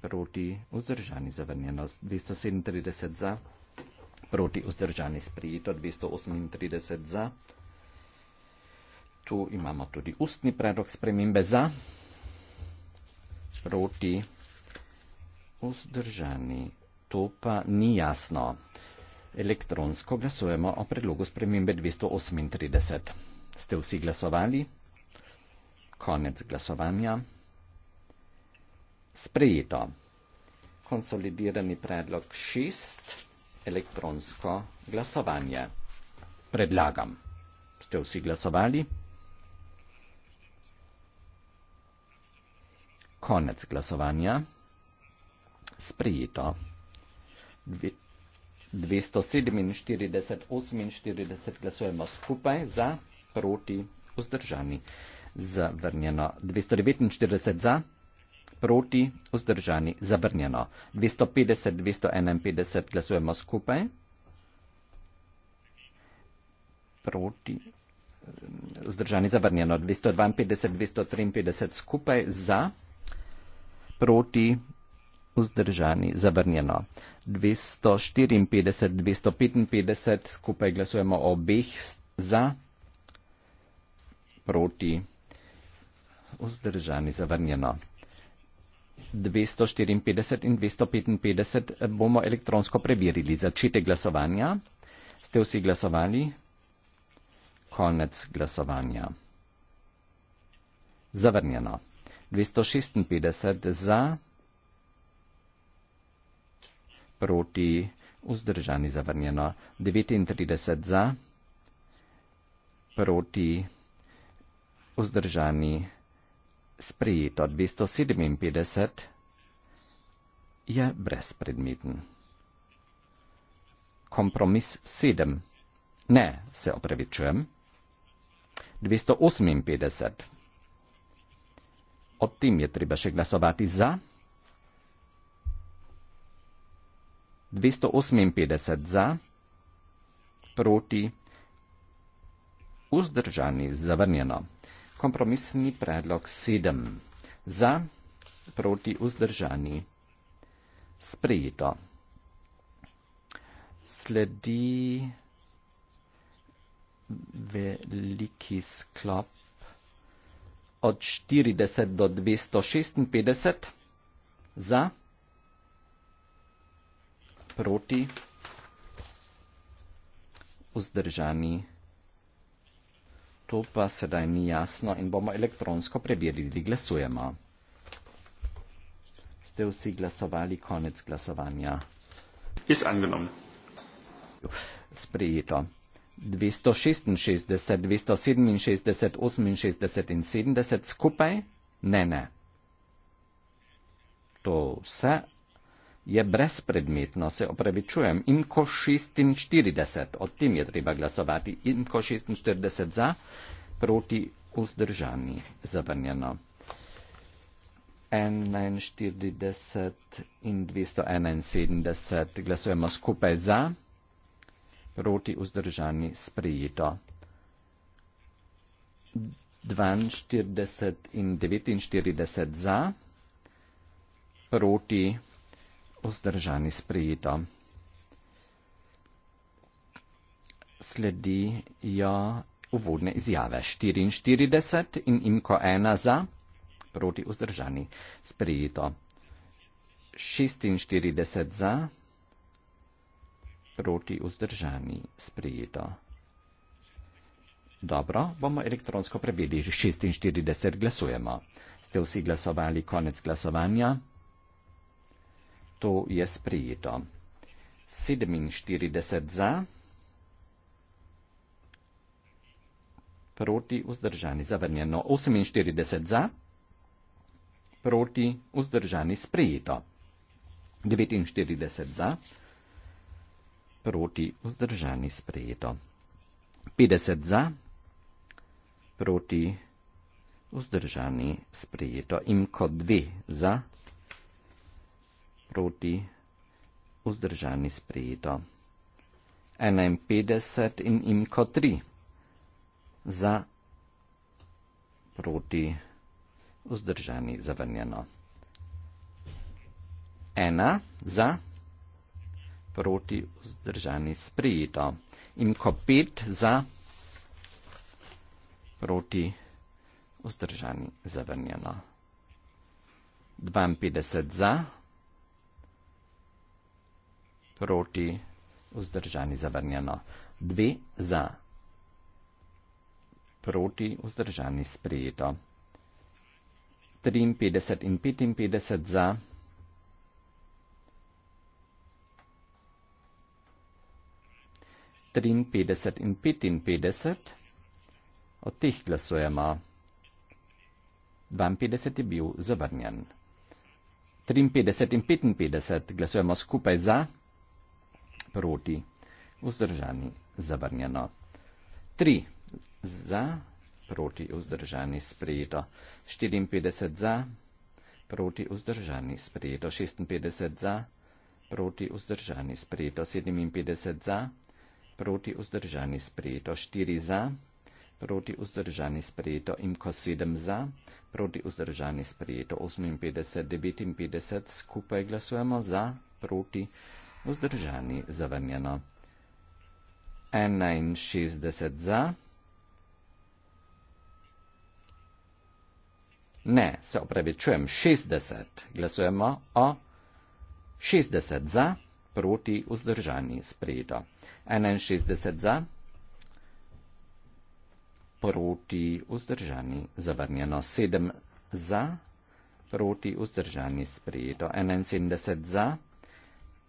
proti, vzdržani, zavrnjeno 237 za, proti, vzdržani, sprijeto 238 za. Tu imamo tudi ustni predlog spremembe za, proti, vzdržani. To pa ni jasno. Elektronsko glasujemo o predlogu spremembe 238. Ste vsi glasovali? Koniec glasovanja. Sprejeto. Konsolidirani predlog 6. Elektronsko glasovanje. Predlagam. Ste vsi glasovali? Konec glasovanja. Sprejeto. 247-48 glasujemo skupaj za, proti, vzdržani zavrnjeno. 249 za, proti, vzdržani, zavrnjeno. 250-251 glasujemo skupaj. Proti, vzdržani, zavrnjeno. 252-253 skupaj za, proti, vzdržani, zavrnjeno. 254-255 skupaj glasujemo obeh za, proti, vzdržani vzdržani zavrnjeno. 254 in 255 bomo elektronsko preverili. Začete glasovanja. Ste vsi glasovali? Konec glasovanja. Zavrnjeno. 256 za, proti, vzdržani zavrnjeno. 39 za, proti, vzdržani zavrnjeno sprejet od 257, je brezpredmeten. Kompromis 7. Ne, se opravičujem. 258. O tem je treba še glasovati za. 258 za, proti, vzdržani zavrnjeno kompromisni predlog sedem za proti vzdržani sprejeto. Sledi veliki sklop od 40 do 256 za proti vzdržani sprejeto. To pa sedaj ni jasno in bomo elektronsko preverili. Glasujemo. Ste vsi glasovali konec glasovanja? Is angenommen. Sprejeto. 266, 267, 68 in 70 skupaj? Ne, ne. To vse je brezpredmetno, se opravičujem. Imko 46, o tem je treba glasovati. Imko 46 za, proti vzdržani, zavrnjeno. 41 in 271 glasujemo skupaj za, proti vzdržani, sprejeto. 42 in 49 za, proti vzdržani vzdržani sprejeto. Sledijo uvodne izjave 44 in imko 1 za, proti vzdržani sprejeto. 46 za, proti vzdržani sprejeto. Dobro, bomo elektronsko prebili, že 46 glasujemo. Ste vsi glasovali, konec glasovanja to je sprijeto. 47 za, proti vzdržani, zavrnjeno. 48 za, proti vzdržani, sprijeto. 49 za, proti vzdržani, sprijeto. 50 za, proti vzdržani, sprijeto. Imko 2 za, proti, vzdržani sprejeto. 51 in imko 3 za proti, vzdržani zavrnjeno. 1 za proti, vzdržani sprejeto. Imko 5 za proti, vzdržani zavrnjeno. 52 za proti, vzdržani zavrnjeno proti, vzdržani, zavrnjeno. Dve za, proti, vzdržani, sprejeto. 53 in 55 za. Trinpetdeset in petinpetdeset, od teh glasujemo. Dvainpetdeset je bil zavrnjen. Trinpetdeset in petinpetdeset glasujemo skupaj za proti, vzdržani, zavrnjeno. 3. Za, proti, vzdržani, sprejeto. 54 za, proti, vzdržani, sprejeto. 56 za, proti, vzdržani, sprejeto. 57 za, proti, vzdržani, sprejeto. 4 za, proti, vzdržani, sprejeto. In ko 7 za, proti, vzdržani, sprejeto. 58, 59, skupaj glasujemo za, proti, vzdržani, sprejeto vzdržani zavrnjeno. 61 za. Ne, se opravičujem, 60. Glasujemo o 60 za, proti vzdržani sprejeto. 61 za, proti vzdržani zavrnjeno. 7 za, proti vzdržani sprejeto. 71 za, proti vzdržani sprejeto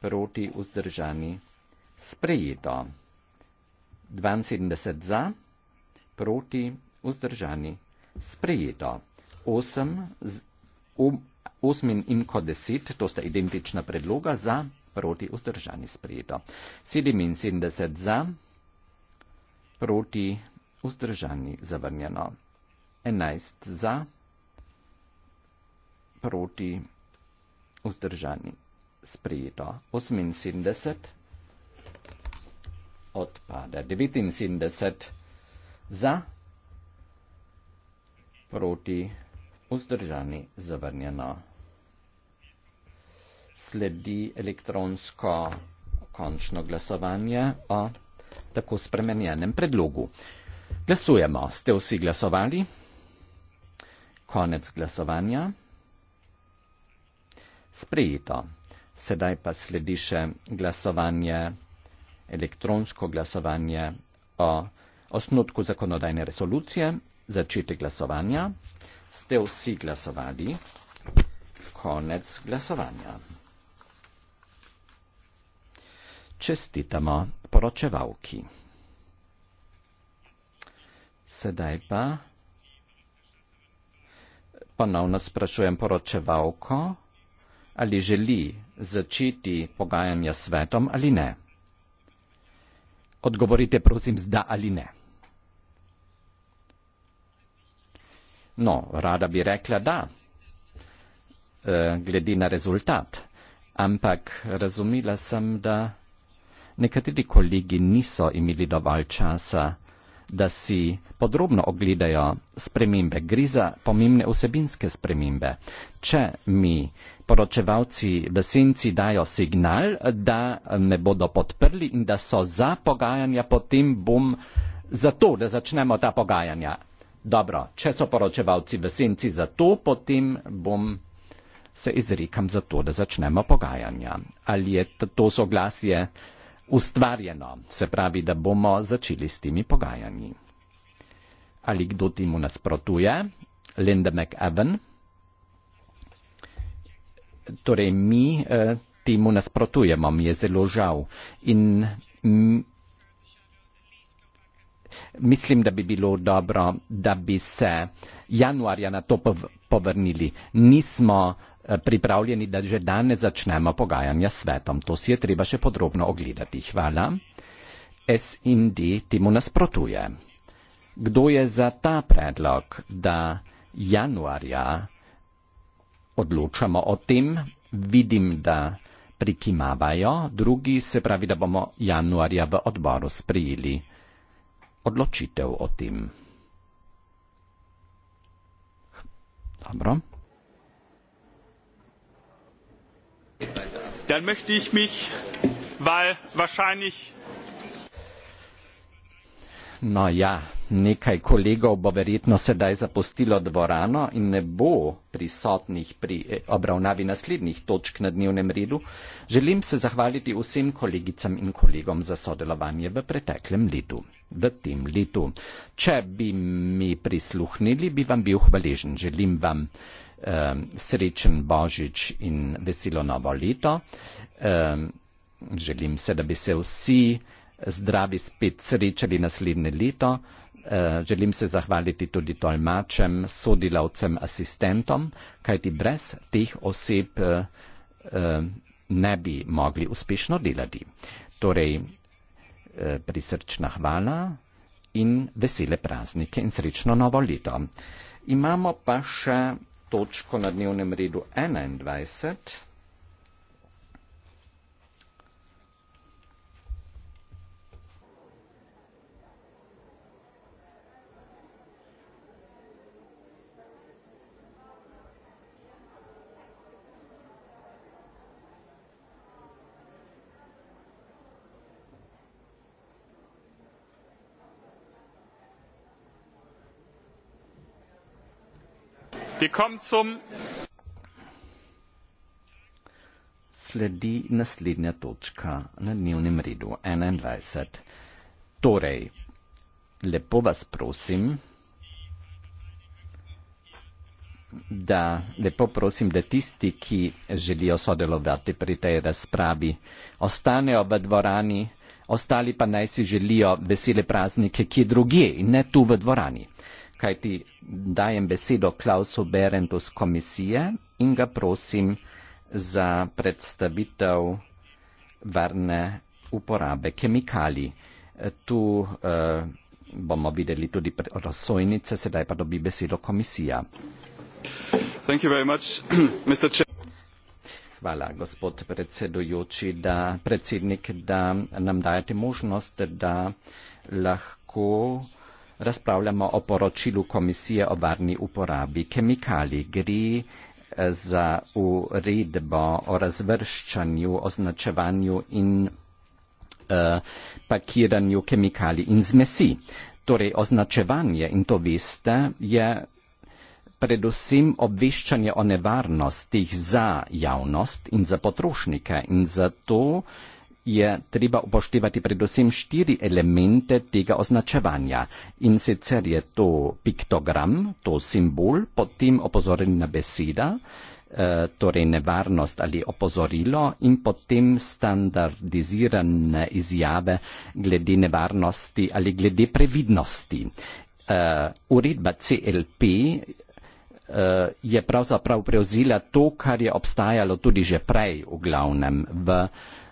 proti vzdržani sprejeto. 72 za, proti vzdržani sprejeto. 8, z, um, 8 in kot 10, to sta identična predloga za, proti vzdržani sprejeto. 77 za, proti vzdržani zavrnjeno. 11 za, proti vzdržani sprejeto 78, odpada 79 za, proti vzdržani zavrnjeno. Sledi elektronsko končno glasovanje o tako spremenjenem predlogu. Glasujemo. Ste vsi glasovali? Konec glasovanja. Sprejeto. Sedaj pa sledi še glasovanje, elektronsko glasovanje o osnutku zakonodajne resolucije, začetek glasovanja. Ste vsi glasovali? Konec glasovanja. Čestitamo poročevalki. Sedaj pa ponovno sprašujem poročevalko ali želi začeti pogajanja s svetom ali ne. Odgovorite prosim z da ali ne. No, rada bi rekla da, eh, glede na rezultat, ampak razumela sem, da nekateri kolegi niso imeli dovolj časa, da si podrobno ogledajo spremembe. Gre za pomembne vsebinske spremembe. Če mi poročevalci v senci dajo signal, da me bodo podprli in da so za pogajanja, potem bom za to, da začnemo ta pogajanja. Dobro, če so poročevalci v senci za to, potem bom se izrekam za to, da začnemo pogajanja. Ali je to soglasje? ustvarjeno, se pravi, da bomo začeli s temi pogajanji. Ali kdo temu nasprotuje? Linda McEwen. Torej, mi eh, temu nasprotujemo, mi je zelo žal. In m, mislim, da bi bilo dobro, da bi se januarja na to povrnili. Nismo. Eh, pripravljeni, da že danes začnemo pogajanja s svetom. To si je treba še podrobno ogledati. Hvala. SND temu nasprotuje. Kdo je za ta predlog, da januarja odločamo o tem? Vidim, da prikimavajo, drugi se pravi, da bomo januarja v odboru sprijeli odločitev o tem. Dobro. dann möchte ich mich, weil wahrscheinlich. No ja, nekaj kolegov bo verjetno sedaj zapustilo dvorano in ne bo prisotnih pri eh, obravnavi naslednjih točk na dnevnem redu. Želim se zahvaliti vsem kolegicam in kolegom za sodelovanje v preteklem letu, v tem letu. Če bi mi prisluhnili, bi vam bil hvaležen. Želim vam um, srečen Božič in veselo novo leto. Um, želim se, da bi se vsi zdravi spet srečali naslednje leto. Uh, želim se zahvaliti tudi tolmačem, sodelavcem, asistentom, kajti brez teh oseb uh, ne bi mogli uspešno delati. Torej, uh, prisrčna hvala in vesele praznike in srečno novo leto. Imamo pa še točko na dnevnem redu 21, Wir kommen zum Sledi naslednja točka na dnevnem redu 21. Torej, lepo vas prosim, da, lepo prosim, da tisti, ki želijo sodelovati pri tej razpravi, ostanejo v dvorani, ostali pa naj si želijo vesele praznike, ki drugje in ne tu v dvorani kajti dajem besedo Klausu Berendu z komisije in ga prosim za predstavitev varne uporabe kemikalij. Tu eh, bomo videli tudi razsojnice, sedaj pa dobi besedo komisija. Hvala, gospod predsedujoči, da, predsednik, da nam dajete možnost, da lahko eh, razpravljamo o poročilu Komisije o varni uporabi kemikalij. Gre eh, za uredbo o razvrščanju, označevanju in uh, pakiranju kemikalij in zmesi. Torej, označevanje, in to veste, je predvsem obveščanje o nevarnostih za javnost in za potrošnike in zato je treba upoštevati predvsem štiri elemente tega označevanja. In sicer je to piktogram, to simbol, potem opozorjena beseda, eh, torej nevarnost ali opozorilo in potem standardizirane izjave glede nevarnosti ali glede previdnosti. Eh, uredba CLP eh, je pravzaprav prevzela to, kar je obstajalo tudi že prej v glavnem v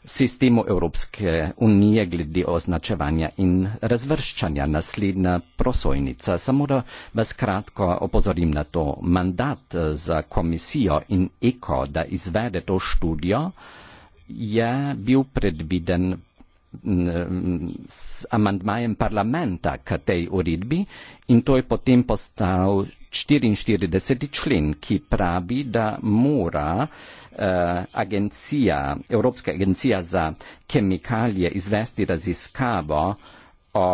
sistemu Evropske unije glede označevanja in razvrščanja. Naslednja prosojnica. Samo da vas kratko opozorim na to. Mandat eh, za komisijo in ECO, da izvede to študijo, je bil predviden s amandmajem parlamenta k tej uredbi in to je potem postal 44. člen, ki pravi, da mora eh, agencija, Evropska agencija za kemikalije izvesti raziskavo o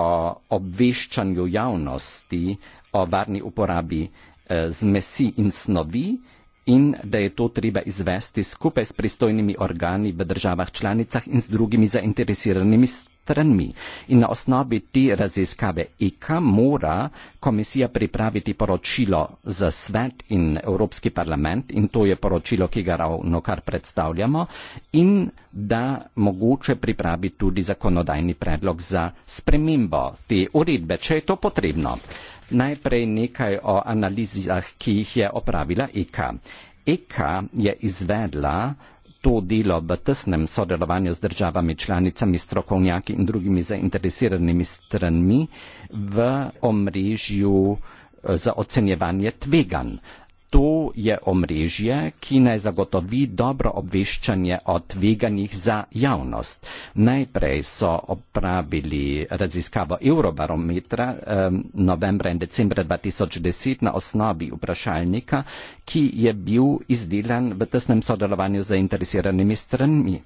obveščanju javnosti o varni uporabi eh, zmesi in snovi in da je to treba izvesti skupaj s pristojnimi organi v državah članicah in z drugimi zainteresiranimi stranami strani. In na osnovi te raziskave IKA mora komisija pripraviti poročilo za svet in Evropski parlament in to je poročilo, ki ga ravno kar predstavljamo in da mogoče pripravi tudi zakonodajni predlog za spremembo te uredbe, če je to potrebno. Najprej nekaj o analizah, ki jih je opravila IKA. IKA je izvedla to delo v tesnem sodelovanju z državami članicami, strokovnjaki in drugimi zainteresiranimi stranmi v omrežju eh, za ocenjevanje tveganj. To je omrežje, ki naj zagotovi dobro obveščanje o tveganjih za javnost. Najprej so opravili raziskavo Eurobarometra eh, novembra in decembra 2010 na osnovi vprašalnika, ki je bil izdelan v tesnem sodelovanju z zainteresiranimi stranmi.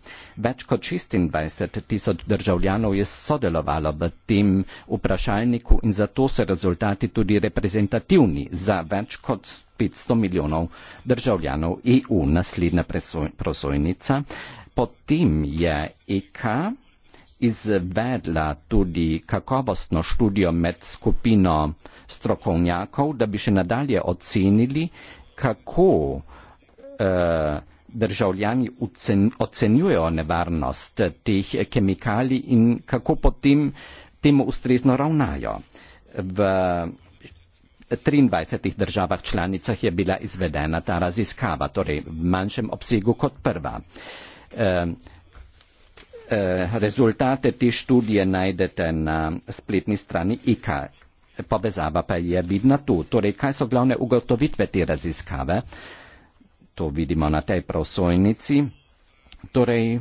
Več kot 26 tisoč državljanov je sodelovalo v tem vprašalniku in zato so rezultati tudi reprezentativni za več kot 100 500 milijonov državljanov EU. Naslednja prosojnica. Potem je EK izvedla tudi kakovostno študijo med skupino strokovnjakov, da bi še nadalje ocenili, kako eh, državljani ocen, ocenjujejo nevarnost teh kemikalij in kako potem temu ustrezno ravnajo. V 23 državah članicah je bila izvedena ta raziskava, torej v manjšem obsegu kot prva. E, e, rezultate te študije najdete na spletni strani IKA. Povezava pa je vidna tu. Torej, kaj so glavne ugotovitve te raziskave? To vidimo na tej prosojnici. Torej,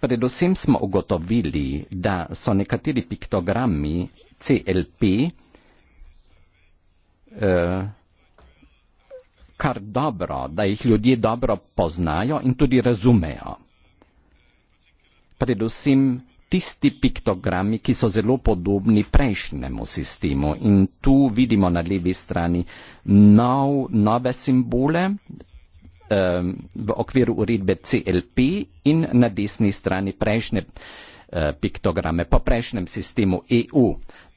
predvsem smo ugotovili, da so nekateri piktogrami CLP Eh, kar dobro, da jih ljudje dobro poznajo in tudi razumejo. Predvsem tisti piktogrami, ki so zelo podobni prejšnjemu sistemu. In tu vidimo na levi strani nov, nove simbole eh, v okviru uredbe CLP in na desni strani prejšnje eh, piktograme po prejšnjem sistemu EU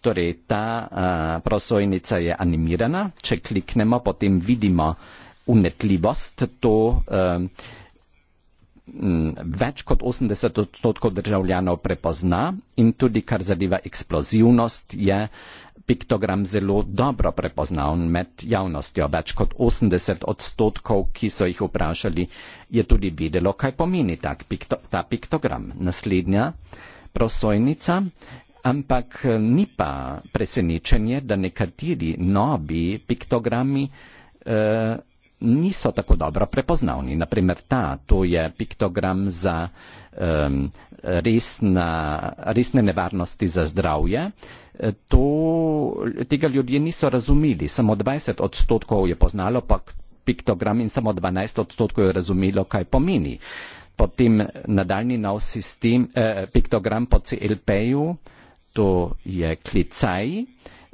torej ta uh, prosojnica je animirana, če kliknemo, potem vidimo unetljivost, to um, več kot 80 odstotkov državljanov prepozna in tudi kar zadeva eksplozivnost je piktogram zelo dobro prepoznal med javnostjo. Več kot 80 odstotkov, ki so jih vprašali, je tudi videlo, kaj pomeni ta, pikto, ta piktogram. Naslednja prosojnica ampak eh, ni pa presenečenje, da nekateri nobi piktogrami eh, niso tako dobro prepoznavni. Naprimer ta, to je piktogram za eh, resna, resne nevarnosti za zdravje. Eh, to, tega ljudje niso razumeli. Samo 20 odstotkov je poznalo piktogram in samo 12 odstotkov je razumelo, kaj pomeni. Potem eh, nadaljni nov sistem, eh, piktogram po CLP-ju, eh, to je klicaj.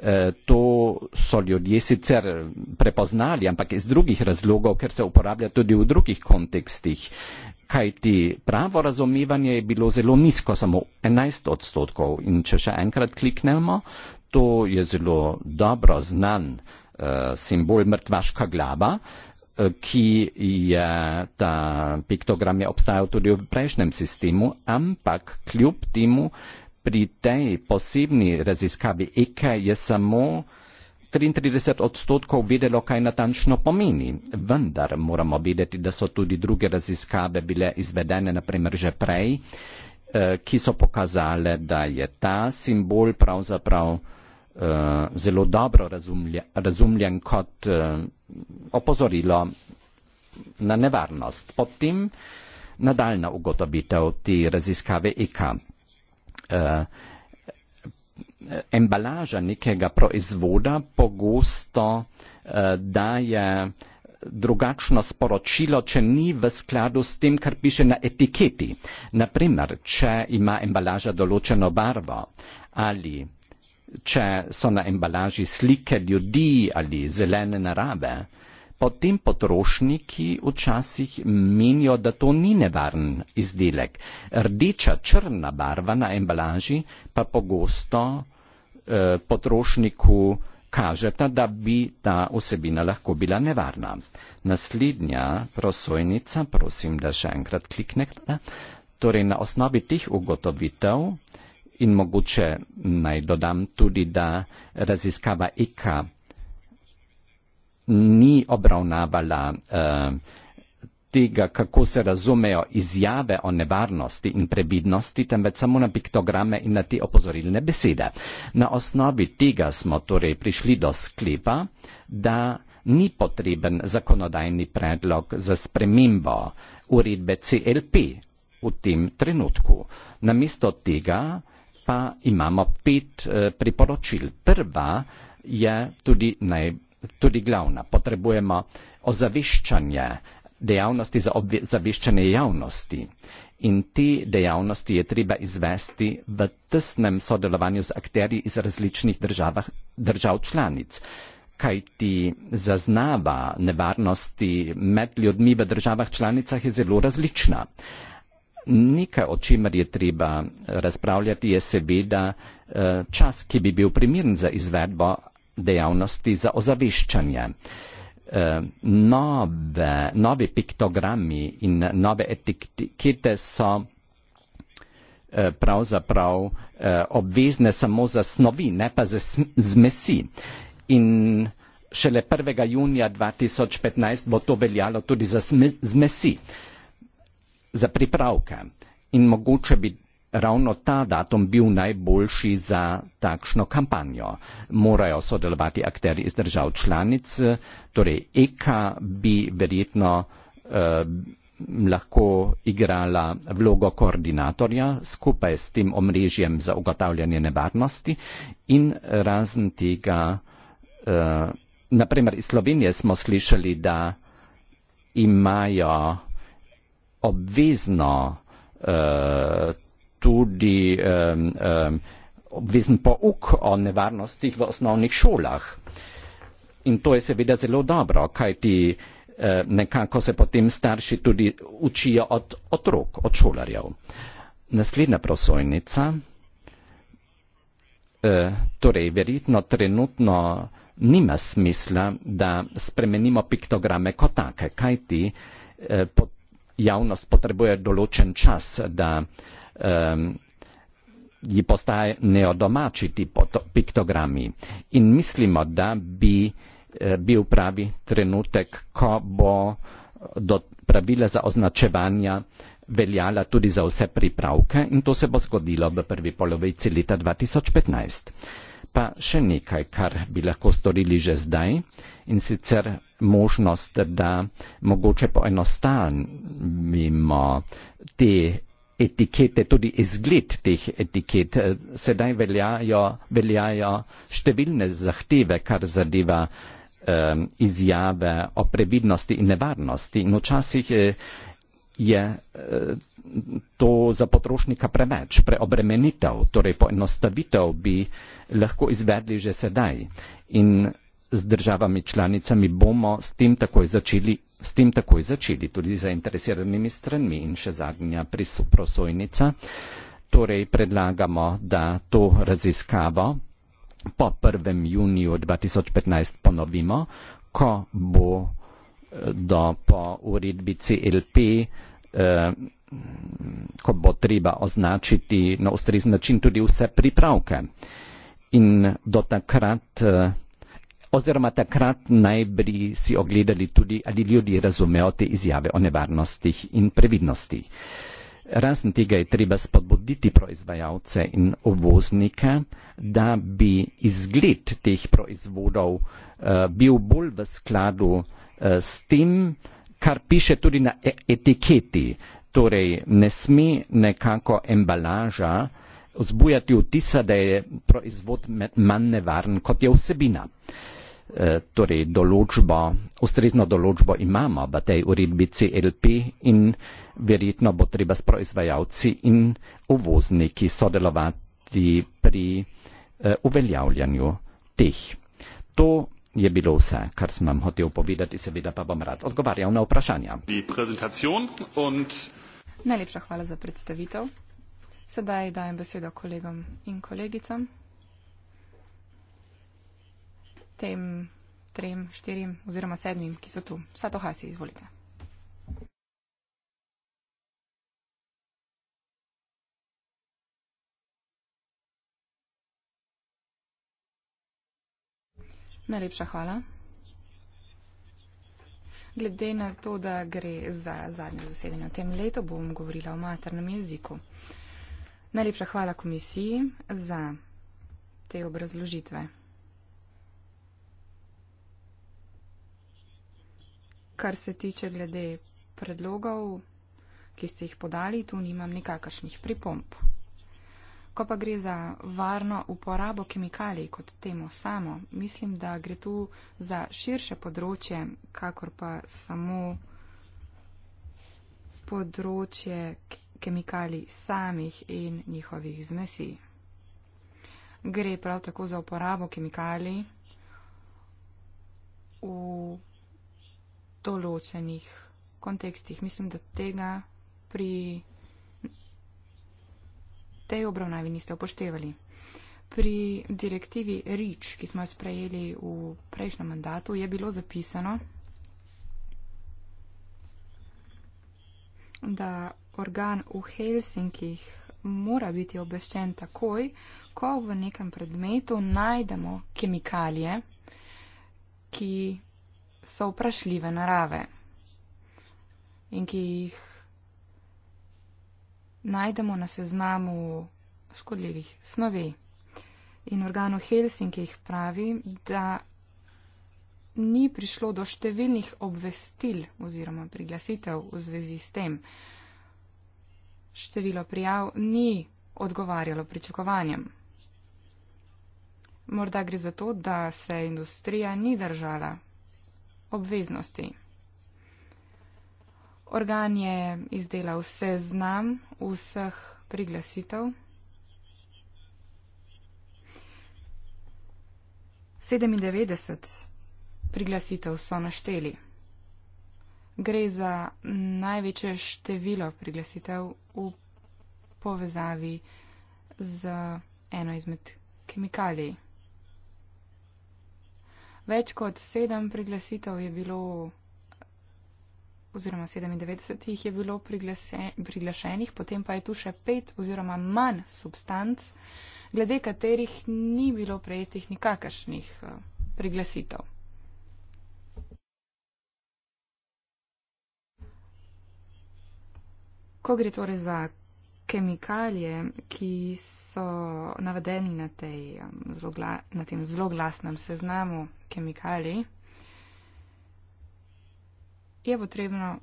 E, to so ljudje sicer prepoznali, ampak iz drugih razlogov, ker se uporablja tudi v drugih kontekstih. Kaj ti pravo razumevanje je bilo zelo nizko, samo 11 odstotkov. In če še enkrat kliknemo, to je zelo dobro znan uh, simbol mrtvaška glava, uh, ki je ta piktogram je obstajal tudi v prejšnjem sistemu, ampak kljub temu pri tej posebni raziskavi IKE je samo 33 odstotkov vedelo, kaj natančno pomeni. Vendar moramo vedeti, da so tudi druge raziskave bile izvedene, naprimer že prej, eh, ki so pokazale, da je ta simbol pravzaprav eh, zelo dobro razumljen kot eh, opozorilo na nevarnost. Potem nadaljna ugotovitev te raziskave IKE uh, embalaža nekega proizvoda pogosto uh, daje drugačno sporočilo, če ni v skladu s tem, kar piše na etiketi. Naprimer, če ima embalaža določeno barvo ali če so na embalaži slike ljudi ali zelene narave, uh, potem potrošniki včasih menijo, da to ni nevaren izdelek. Rdeča, črna barva na embalaži pa pogosto eh, potrošniku kažeta, da bi ta osebina lahko bila nevarna. Naslednja prosojnica, prosim, da še enkrat kliknete. Torej, na osnovi teh ugotovitev in mogoče naj dodam tudi, da raziskava IKA ni obravnavala uh, tega, kako se razumejo izjave o nevarnosti in previdnosti, temveč samo na piktograme in na te opozorilne besede. Na osnovi tega smo torej prišli do sklepa, da ni potreben zakonodajni predlog za spremembo uredbe CLP v tem trenutku. Namesto tega pa imamo pet eh, priporočil. Prva je tudi najbolj tudi glavna. Potrebujemo ozaveščanje dejavnosti za ozaveščanje javnosti. In te dejavnosti je treba izvesti v tesnem sodelovanju z akteri iz različnih državah, držav članic. Kaj ti zaznava nevarnosti med ljudmi v državah članicah je zelo različna. Nekaj, o čemer je treba razpravljati, je seveda eh, čas, ki bi bil primern za izvedbo dejavnosti za ozaveščanje. Eh, nove, novi piktogrami in nove etikete so eh, pravzaprav eh, obvezne samo za snovi, ne pa za zmesi. In šele 1. junija 2015 bo to veljalo tudi za zmesi, za pripravke. In mogoče bi ravno ta datum bil najboljši za takšno kampanjo. Morajo sodelovati akteri iz držav članic, torej EKA bi verjetno eh, lahko igrala vlogo koordinatorja skupaj s tem omrežjem za ugotavljanje nevarnosti in razen tega, eh, naprimer iz Slovenije smo slišali, da imajo obvezno eh, tudi um, um, obvezen pouk o nevarnostih v osnovnih šolah. In to je seveda zelo dobro, kajti eh, nekako se potem starši tudi učijo od otrok, od šolarjev. Naslednja prosojnica, eh, torej verjetno trenutno nima smisla, da spremenimo piktograme kot take, kajti eh, po, javnost potrebuje določen čas, da eh, um, ji postanejo domači ti piktogrami. In mislimo, da bi eh, bil pravi trenutek, ko bo do pravila za označevanje veljala tudi za vse pripravke in to se bo zgodilo v prvi polovici leta 2015. Pa še nekaj, kar bi lahko storili že zdaj in sicer možnost, da mogoče poenostavimo te etikete, tudi izgled teh etiket. Eh, sedaj veljajo, veljajo številne zahteve, kar zadeva um, izjave o previdnosti in nevarnosti. In včasih eh, je, je eh, to za potrošnika preveč, preobremenitev, torej poenostavitev bi lahko izvedli že sedaj. In z državami članicami bomo s tem takoj začeli, s tem takoj začeli tudi zainteresiranimi stranmi in še zadnja prosojnica. Torej predlagamo, da to raziskavo po 1. juniju 2015 ponovimo, ko bo eh, do po uredbi CLP, eh, ko bo treba označiti na ustrezni način tudi vse pripravke. In do takrat eh, oziroma takrat naj bi si ogledali tudi, ali ljudje razumejo te izjave o nevarnostih in previdnosti. Razen tega je treba spodbuditi proizvajalce in uvoznika, da bi izgled teh proizvodov uh, bil bolj v skladu uh, s tem, kar piše tudi na e etiketi. Torej, ne sme nekako embalaža vzbujati vtisa, da je proizvod manj nevaren, kot je vsebina. Uh, Eh, torej določbo, ustrezno določbo imamo v tej uredbi CLP in verjetno bo treba s proizvajalci in uvozniki sodelovati pri eh, uveljavljanju teh. To je bilo vse, kar sem vam hotel povedati, seveda pa bom rad odgovarjal na vprašanja. Und... Najlepša hvala za predstavitev. Sedaj dajem besedo kolegom in kolegicam tem trem, štirim oziroma sedmim, ki so tu. Sato Hasi, izvolite. Najlepša hvala. Glede na to, da gre za zadnje zasedanje v tem letu, bom govorila o maternem jeziku. Najlepša hvala komisiji za te obrazložitve. kar se tiče glede predlogov, ki ste jih podali, tu nimam nikakršnih pripomb. Ko pa gre za varno uporabo kemikalij kot temo samo, mislim, da gre tu za širše področje, kakor pa samo področje kemikalij samih in njihovih zmesi. Gre prav tako za uporabo kemikalij v določenih kontekstih. Mislim, da tega pri tej obravnavi niste upoštevali. Pri direktivi REACH, ki smo jo sprejeli v prejšnjem mandatu, je bilo zapisano, da organ v Helsinkih mora biti obveščen takoj, ko v nekem predmetu najdemo kemikalije, ki so vprašljive narave in ki jih najdemo na seznamu škodljivih snovi. In organu Helsinki jih pravi, da ni prišlo do številnih obvestil oziroma priglasitev v zvezi s tem. Število prijav ni odgovarjalo pričakovanjem. Morda gre za to, da se industrija ni držala obveznosti. Organ je izdelal seznam vseh priglasitev. 97 priglasitev so našteli. Gre za največje število priglasitev v povezavi z eno izmed kemikalij. Več kot sedem priglasitev je bilo, oziroma 97 jih je bilo priglase, priglašenih, potem pa je tu še pet oziroma manj substanc, glede katerih ni bilo prejetih nikakršnih eh, priglasitev. Ko gre torej za kemikalije, ki so navedeni na, tej, um, zlogla, na tem zelo glasnem seznamu kemikalij, je potrebno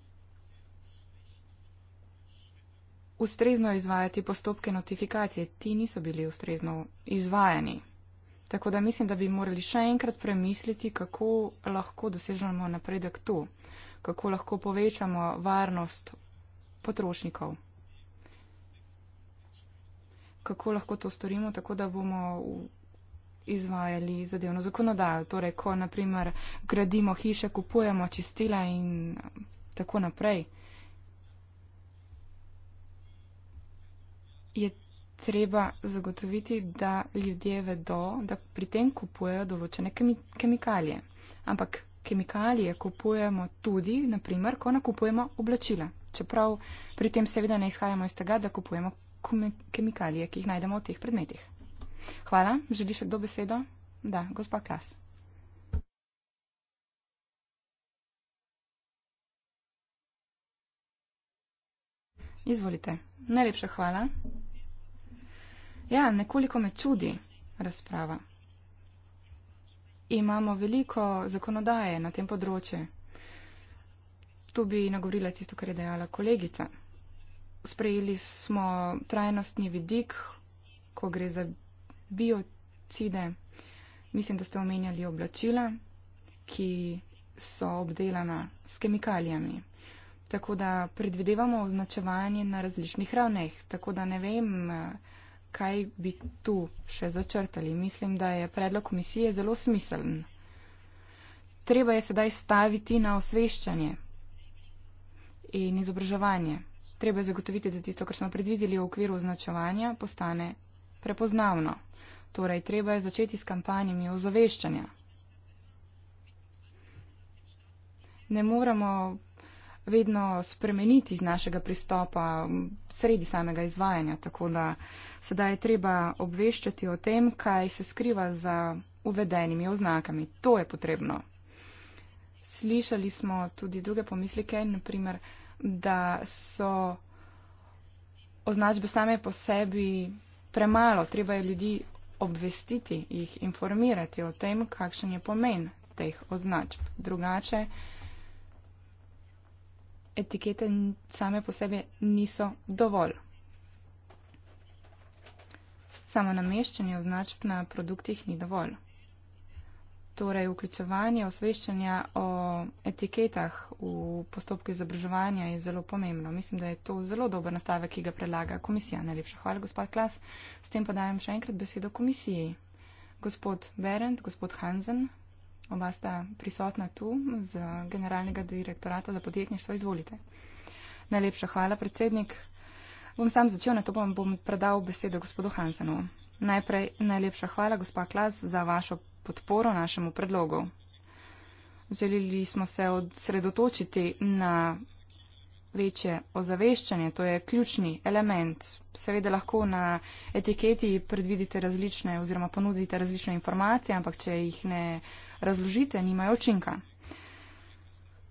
ustrezno izvajati postopke notifikacije. Ti niso bili ustrezno izvajani. Tako da mislim, da bi morali še enkrat premisliti, kako lahko dosežemo napredek tu, kako lahko povečamo varnost potrošnikov kako lahko to storimo, tako da bomo izvajali zadevno zakonodajo. Torej, ko naprimer gradimo hiše, kupujemo čistila in um, tako naprej, je treba zagotoviti, da ljudje vedo, da pri tem kupujejo določene kemi kemikalije. Ampak kemikalije kupujemo tudi, naprimer, ko nakupujemo oblačila. Čeprav pri tem seveda ne izhajamo iz tega, da kupujemo kemikalije, ki jih najdemo v teh predmetih. Hvala, želi še kdo besedo? Da, gospa Klas. Izvolite. Najlepša hvala. Ja, nekoliko me čudi razprava. Imamo veliko zakonodaje na tem področju. Tu bi nagovorila tisto, kar je dejala kolegica sprejeli smo trajnostni vidik, ko gre za biocide. Mislim, da ste omenjali oblačila, ki so obdelana s kemikalijami. Tako da predvidevamo označevanje na različnih ravneh. Tako da ne vem, kaj bi tu še začrtali. Mislim, da je predlog komisije zelo smiseln. Treba je sedaj staviti na osveščanje in izobraževanje. Treba je zagotoviti, da tisto, kar smo predvideli v okviru označevanja, postane prepoznavno. Torej, treba je začeti s kampanjami ozaveščanja. Ne moramo vedno spremeniti našega pristopa sredi samega izvajanja, tako da sedaj je treba obveščati o tem, kaj se skriva za uvedenimi oznakami. To je potrebno. Slišali smo tudi druge pomislike, naprimer, da so označbe same po sebi premalo, treba je ljudi obvestiti, jih informirati o tem, kakšen je pomen teh označb. Drugače, etikete same po sebi niso dovolj. Samo nameščanje označb na produktih ni dovolj torej vključevanje osveščanja o etiketah v postopku izobraževanja je zelo pomembno. Mislim, da je to zelo dober nastavek, ki ga predlaga komisija. Najlepša hvala, gospod Klas. S tem pa dajem še enkrat besedo komisiji. Gospod Berend, gospod Hansen, oba sta prisotna tu z generalnega direktorata za podjetništvo. Izvolite. Najlepša hvala, predsednik. Bom sam začel, na to bom, bom predal besedo gospodu Hansenu. Najprej najlepša hvala, gospod Klas, za vašo podporo našemu predlogu. Želeli smo se osredotočiti na večje ozaveščanje, to je ključni element. Seveda lahko na etiketi predvidite različne oziroma ponudite različne informacije, ampak če jih ne razložite, nimajo učinka.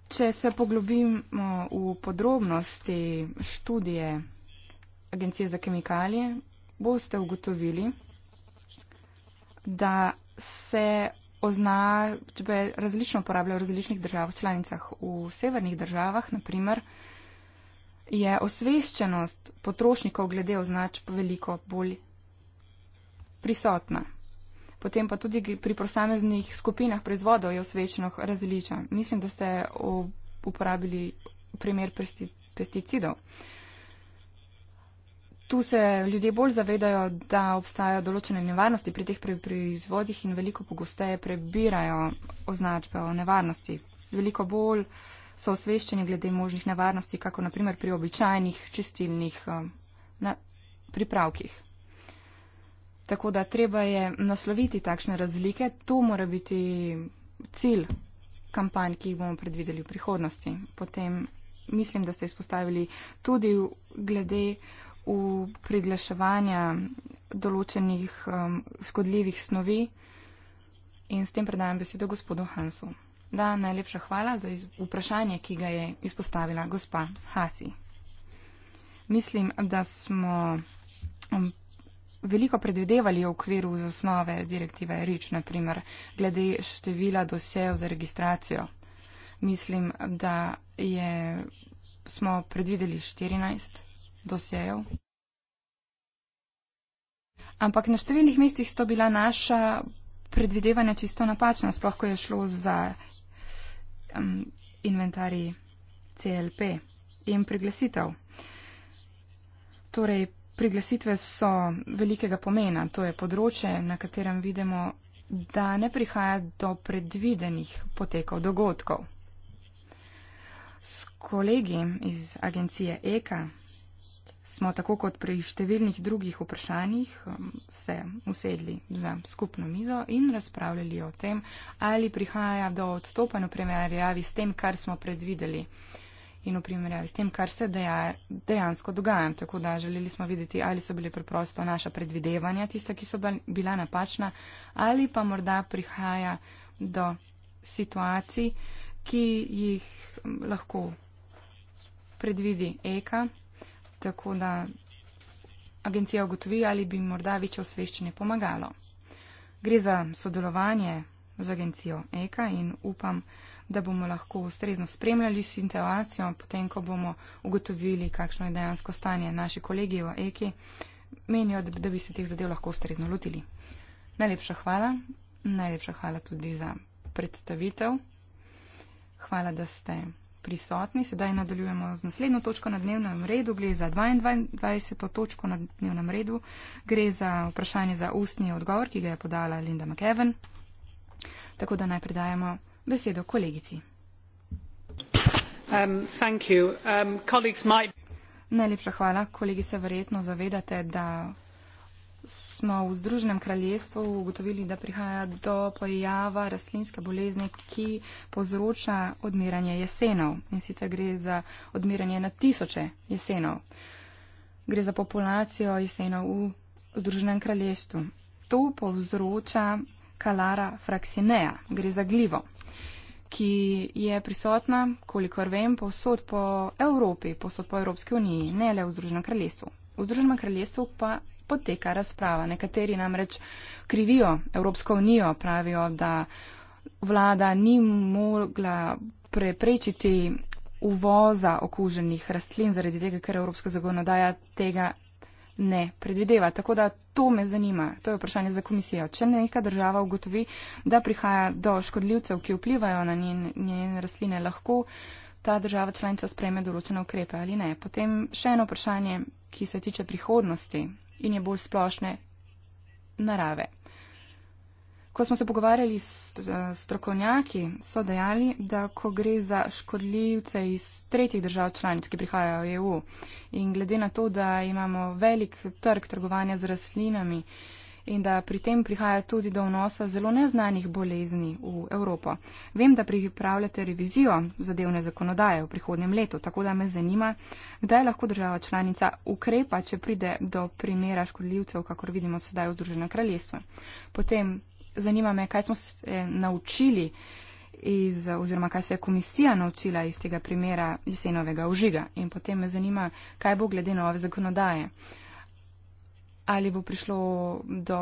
Če se poglobimo v podrobnosti študije Agencije za kemikalije, boste ugotovili, da se označbe različno uporabljajo v različnih državah članicah. V severnih državah, naprimer, je osveščenost potrošnikov glede označb veliko bolj prisotna. Potem pa tudi pri posameznih skupinah proizvodov je osveščeno različno. Mislim, da ste uporabili primer pesticidov. Uh, tu se ljudje bolj zavedajo, da obstajajo določene nevarnosti pri teh proizvodih in veliko pogosteje prebirajo označbe o nevarnosti. Veliko bolj so osveščeni glede možnih nevarnosti, kako naprimer pri običajnih čistilnih eh, na, pripravkih. Tako da treba je nasloviti takšne razlike, to mora biti cilj kampanj, ki jih bomo predvideli v prihodnosti. Potem mislim, da ste izpostavili tudi glede v priglaševanja določenih um, škodljivih snovi in s tem predajam besedo gospodu Hansu. Da, najlepša hvala za vprašanje, ki ga je izpostavila gospa Hasi. Mislim, da smo um, veliko predvidevali v okviru z osnove direktive RIČ, naprimer, glede števila dosejev za registracijo. Mislim, da je, smo predvideli 14 dosjejev. Ampak na številnih mestih so bila naša predvidevanja čisto napačna, sploh ko je šlo za um, inventari CLP in priglasitev. Torej, priglasitve so velikega pomena, to je področje, na katerem vidimo, da ne prihaja do predvidenih potekov dogodkov. S kolegi iz agencije EKA smo tako kot pri številnih drugih vprašanjih um, se usedli za skupno mizo in razpravljali o tem, ali prihaja do odstopanj v primerjavi s tem, kar smo predvideli in v primerjavi s tem, kar se deja, dejansko dogaja. Tako da želeli smo videti, ali so bile preprosto naša predvidevanja tista, ki so bila napačna, ali pa morda prihaja do situacij, ki jih um, lahko predvidi EKA tako da agencija ugotovi, ali bi morda večje osveščanje pomagalo. Gre za sodelovanje z agencijo EKA in upam, da bomo lahko ustrezno spremljali situacijo, potem ko bomo ugotovili, kakšno je dejansko stanje. Naši kolegi v EKI menijo, da bi se teh zadev lahko ustrezno lotili. Najlepša hvala. Najlepša hvala tudi za predstavitev. Hvala, da ste prisotni. Sedaj nadaljujemo z naslednjo točko na dnevnem redu. Gre za 22. točko na dnevnem redu. Gre za vprašanje za ustni odgovor, ki ga je podala Linda McEwen. Tako da naj predajamo besedo kolegici. Um, um, might... Najlepša hvala. Kolegi se verjetno zavedate, da smo v Združenem kraljestvu ugotovili, da prihaja do pojava rastlinske bolezni, ki povzroča odmiranje jesenov. In sicer gre za odmiranje na tisoče jesenov. Gre za populacijo jesenov v Združenem kraljestvu. To povzroča kalara fraksineja, gre za glivo, ki je prisotna, kolikor vem, povsod po Evropi, povsod po Evropski uniji, ne le v Združenem kraljestvu. V Združenem kraljestvu pa poteka razprava. Nekateri namreč krivijo Evropsko unijo, pravijo, da vlada ni mogla preprečiti uvoza okuženih rastlin zaradi tega, ker Evropska zagonodaja tega ne predvideva. Tako da to me zanima, to je vprašanje za komisijo. Če neka država ugotovi, da prihaja do škodljivcev, ki vplivajo na njen, njene rastline, lahko ta država članica spreme določene ukrepe ali ne. Potem še eno vprašanje, ki se tiče prihodnosti in je bolj splošne narave. Ko smo se pogovarjali s strokovnjaki, so dejali, da ko gre za škodljivce iz tretjih držav članic, ki prihajajo v EU in glede na to, da imamo velik trg trgovanja z rastlinami, in da pri tem prihaja tudi do vnosa zelo neznanih bolezni v Evropo. Vem, da pripravljate revizijo zadevne zakonodaje v prihodnem letu, tako da me zanima, kdaj lahko država članica ukrepa, če pride do primera škodljivcev, kakor vidimo sedaj v Združenem kraljestvu. Potem zanima me, kaj smo se naučili iz, oziroma kaj se je komisija naučila iz tega primera jesenovega užiga. In potem me zanima, kaj bo glede nove zakonodaje ali bo prišlo do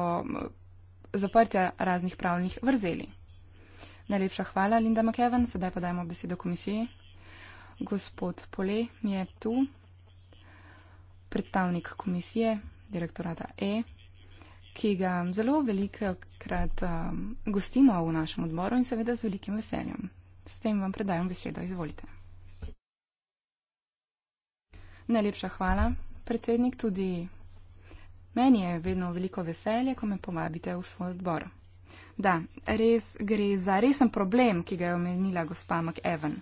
zaprtja raznih pravnih vrzeli. Najlepša hvala, Linda McEwen. Sedaj pa dajmo besedo komisiji. Gospod Pole mi je tu, predstavnik komisije, direktorata E, ki ga zelo veliko krat um, gostimo v našem odboru in seveda z velikim veseljem. S tem vam predajam besedo. Izvolite. Najlepša hvala, predsednik, tudi Meni je vedno veliko veselje, ko me povabite v svoj odbor. Da, res gre za resen problem, ki ga je omenila gospa McEwen.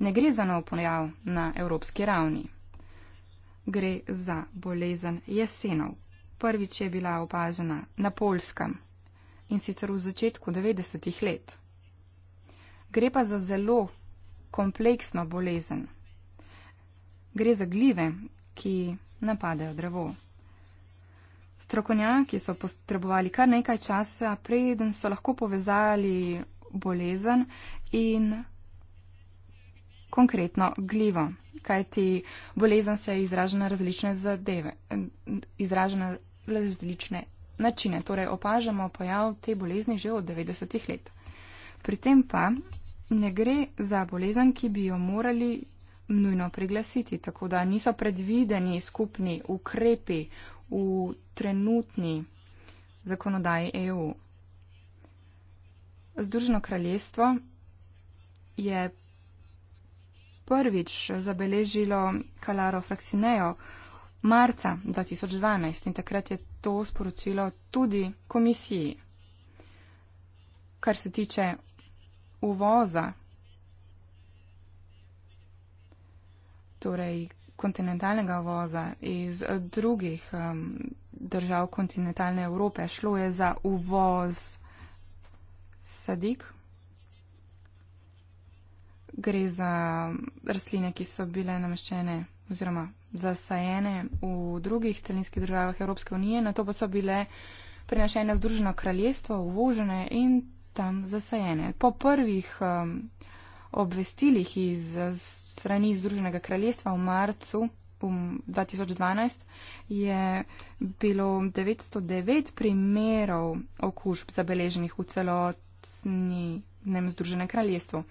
Ne gre za nov pojav na evropski ravni. Gre za bolezen jesenov. Prvič je bila opažena na polskem in sicer v začetku 90-ih let. Gre pa za zelo kompleksno bolezen. Gre za glive, ki napadajo drevo. Strokovnjaki so potrebovali kar nekaj časa, preden so lahko povezali bolezen in konkretno glivo, kajti bolezen se izraža na različne zadeve, izraža na različne načine. Torej opažamo pojav te bolezni že od 90-ih let. Pri tem pa ne gre za bolezen, ki bi jo morali nujno priglasiti, tako da niso predvideni skupni ukrepi v trenutni zakonodaji EU. Združeno kraljestvo je prvič zabeležilo kalaro frakcinejo marca 2012 in takrat je to sporočilo tudi komisiji. Kar se tiče uvoza, torej kontinentalnega voza iz drugih um, držav kontinentalne Evrope, šlo je za uvoz sadik. Gre za rastline, ki so bile nameščene oziroma zasajene v drugih celinskih državah Evropske unije, na to pa so bile prenašene v Združeno kraljestvo, uvožene in tam zasajene. Po prvih um, obvestilih iz strani Združenega kraljestva v marcu 2012 je bilo 909 primerov okužb zabeleženih v celotnem Združenem kraljestvu.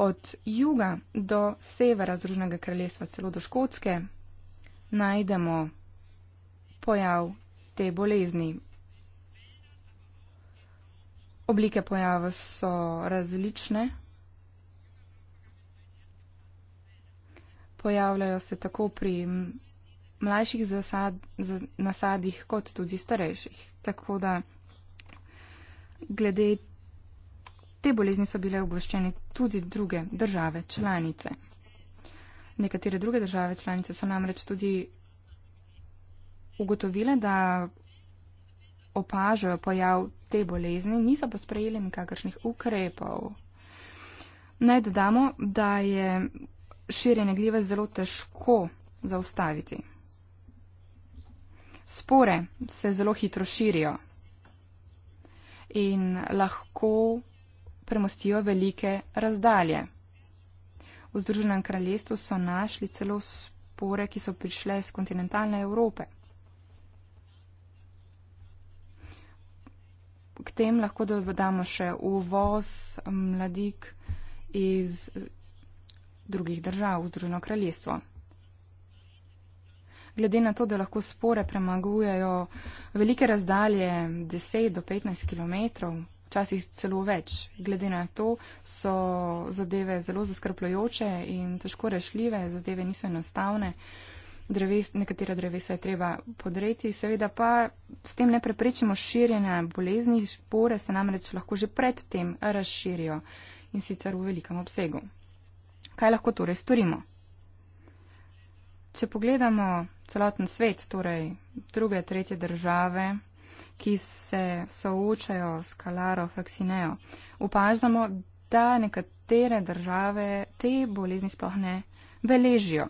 Od juga do severa Združenega kraljestva, celo do Škotske, najdemo pojav te bolezni Oblike pojava so različne. Pojavljajo se tako pri mlajših zasad, nasadih, kot tudi starejših. Tako da glede te bolezni so bile obveščene tudi druge države članice. Nekatere druge države članice so namreč tudi ugotovile, da opažajo pojav te bolezni, niso pa sprejeli nikakršnih ukrepov. Naj dodamo, da je širjenje gljive zelo težko zaustaviti. Spore se zelo hitro širijo in lahko premostijo velike razdalje. V Združenem kraljestvu so našli celo spore, ki so prišle z kontinentalne Evrope. k tem lahko dodamo še uvoz mladik iz drugih držav v Združeno kraljestvo. Glede na to, da lahko spore premagujejo velike razdalje 10 do 15 km, včasih celo več, glede na to so zadeve zelo zaskrpljujoče in težko rešljive, zadeve niso enostavne. Uh, dreves, nekatera drevesa je treba podreti, seveda pa s tem ne preprečimo širjenja bolezni, špore se namreč lahko že predtem razširijo in sicer v velikem obsegu. Kaj lahko torej storimo? Če pogledamo celoten svet, torej druge, tretje države, ki se soočajo s kalaro fraksinejo, opažamo, da nekatere države te bolezni sploh ne beležijo.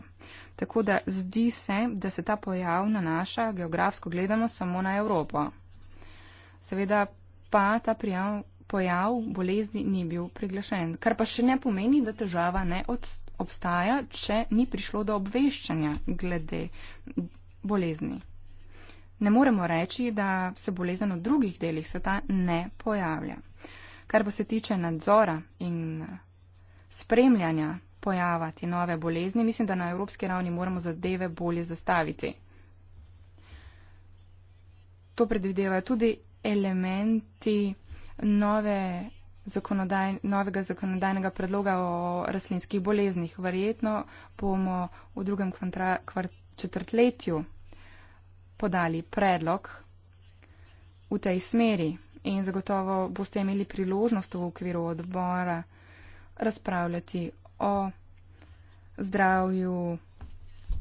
Tako da zdi se, da se ta pojav nanaša, geografsko gledano, samo na Evropo. Seveda pa ta prijav, pojav bolezni ni bil priglašen, kar pa še ne pomeni, da težava ne obstaja, če ni prišlo do obveščanja glede bolezni. Ne moremo reči, da se bolezen v drugih delih sveta ne pojavlja. Kar pa se tiče nadzora in spremljanja pojava te nove bolezni, mislim, da na evropski ravni moramo zadeve bolje zastaviti. To predvidevajo tudi elementi nove zakonodaj, novega zakonodajnega predloga o rastlinskih boleznih. Verjetno bomo v drugem kvantra, kvart, četrtletju podali predlog v tej smeri in zagotovo boste imeli priložnost v okviru odbora razpravljati o zdravju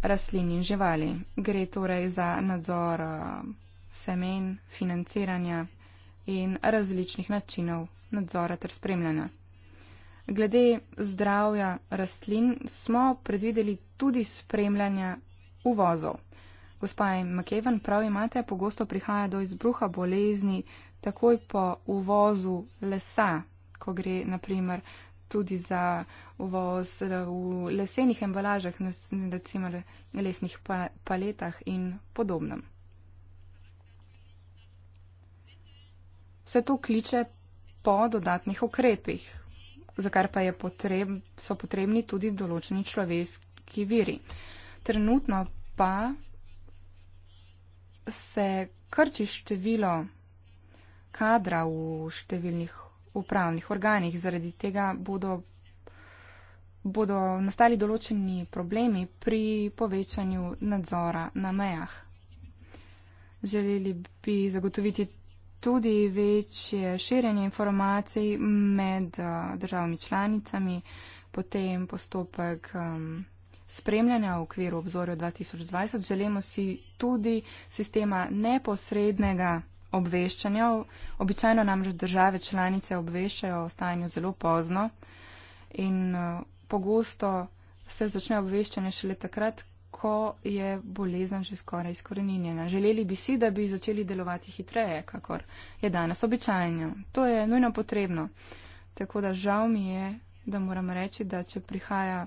rastlin in živali. Gre torej za nadzor eh, semen, financiranja in različnih načinov nadzora ter spremljanja. Glede zdravja rastlin smo predvideli tudi spremljanja uvozov. Gospa Makeven, prav imate, pogosto prihaja do izbruha bolezni takoj po uvozu lesa, ko gre naprimer tudi za uvoz eh, v lesenih embalažah, recimo lesnih paletah in podobnem. Vse to kliče po dodatnih ukrepih, za kar pa potreb, so potrebni tudi določeni človeški viri. Trenutno pa se krči število kadra v številnih upravnih organih. Zaradi tega bodo, bodo nastali določeni problemi pri povečanju nadzora na mejah. Želeli bi zagotoviti tudi večje širjenje informacij med eh, državami članicami, potem postopek um, spremljanja v okviru obzorja 2020. Želimo si tudi sistema neposrednega obveščanja. Običajno namreč države članice obveščajo o stanju zelo pozno in eh, pogosto se začne obveščanje šele takrat, ko je bolezen že skoraj izkoreninjena. Želeli bi si, da bi začeli delovati hitreje, kakor je danes običajno. To je nujno potrebno. Tako da žal mi je, da moram reči, da če prihaja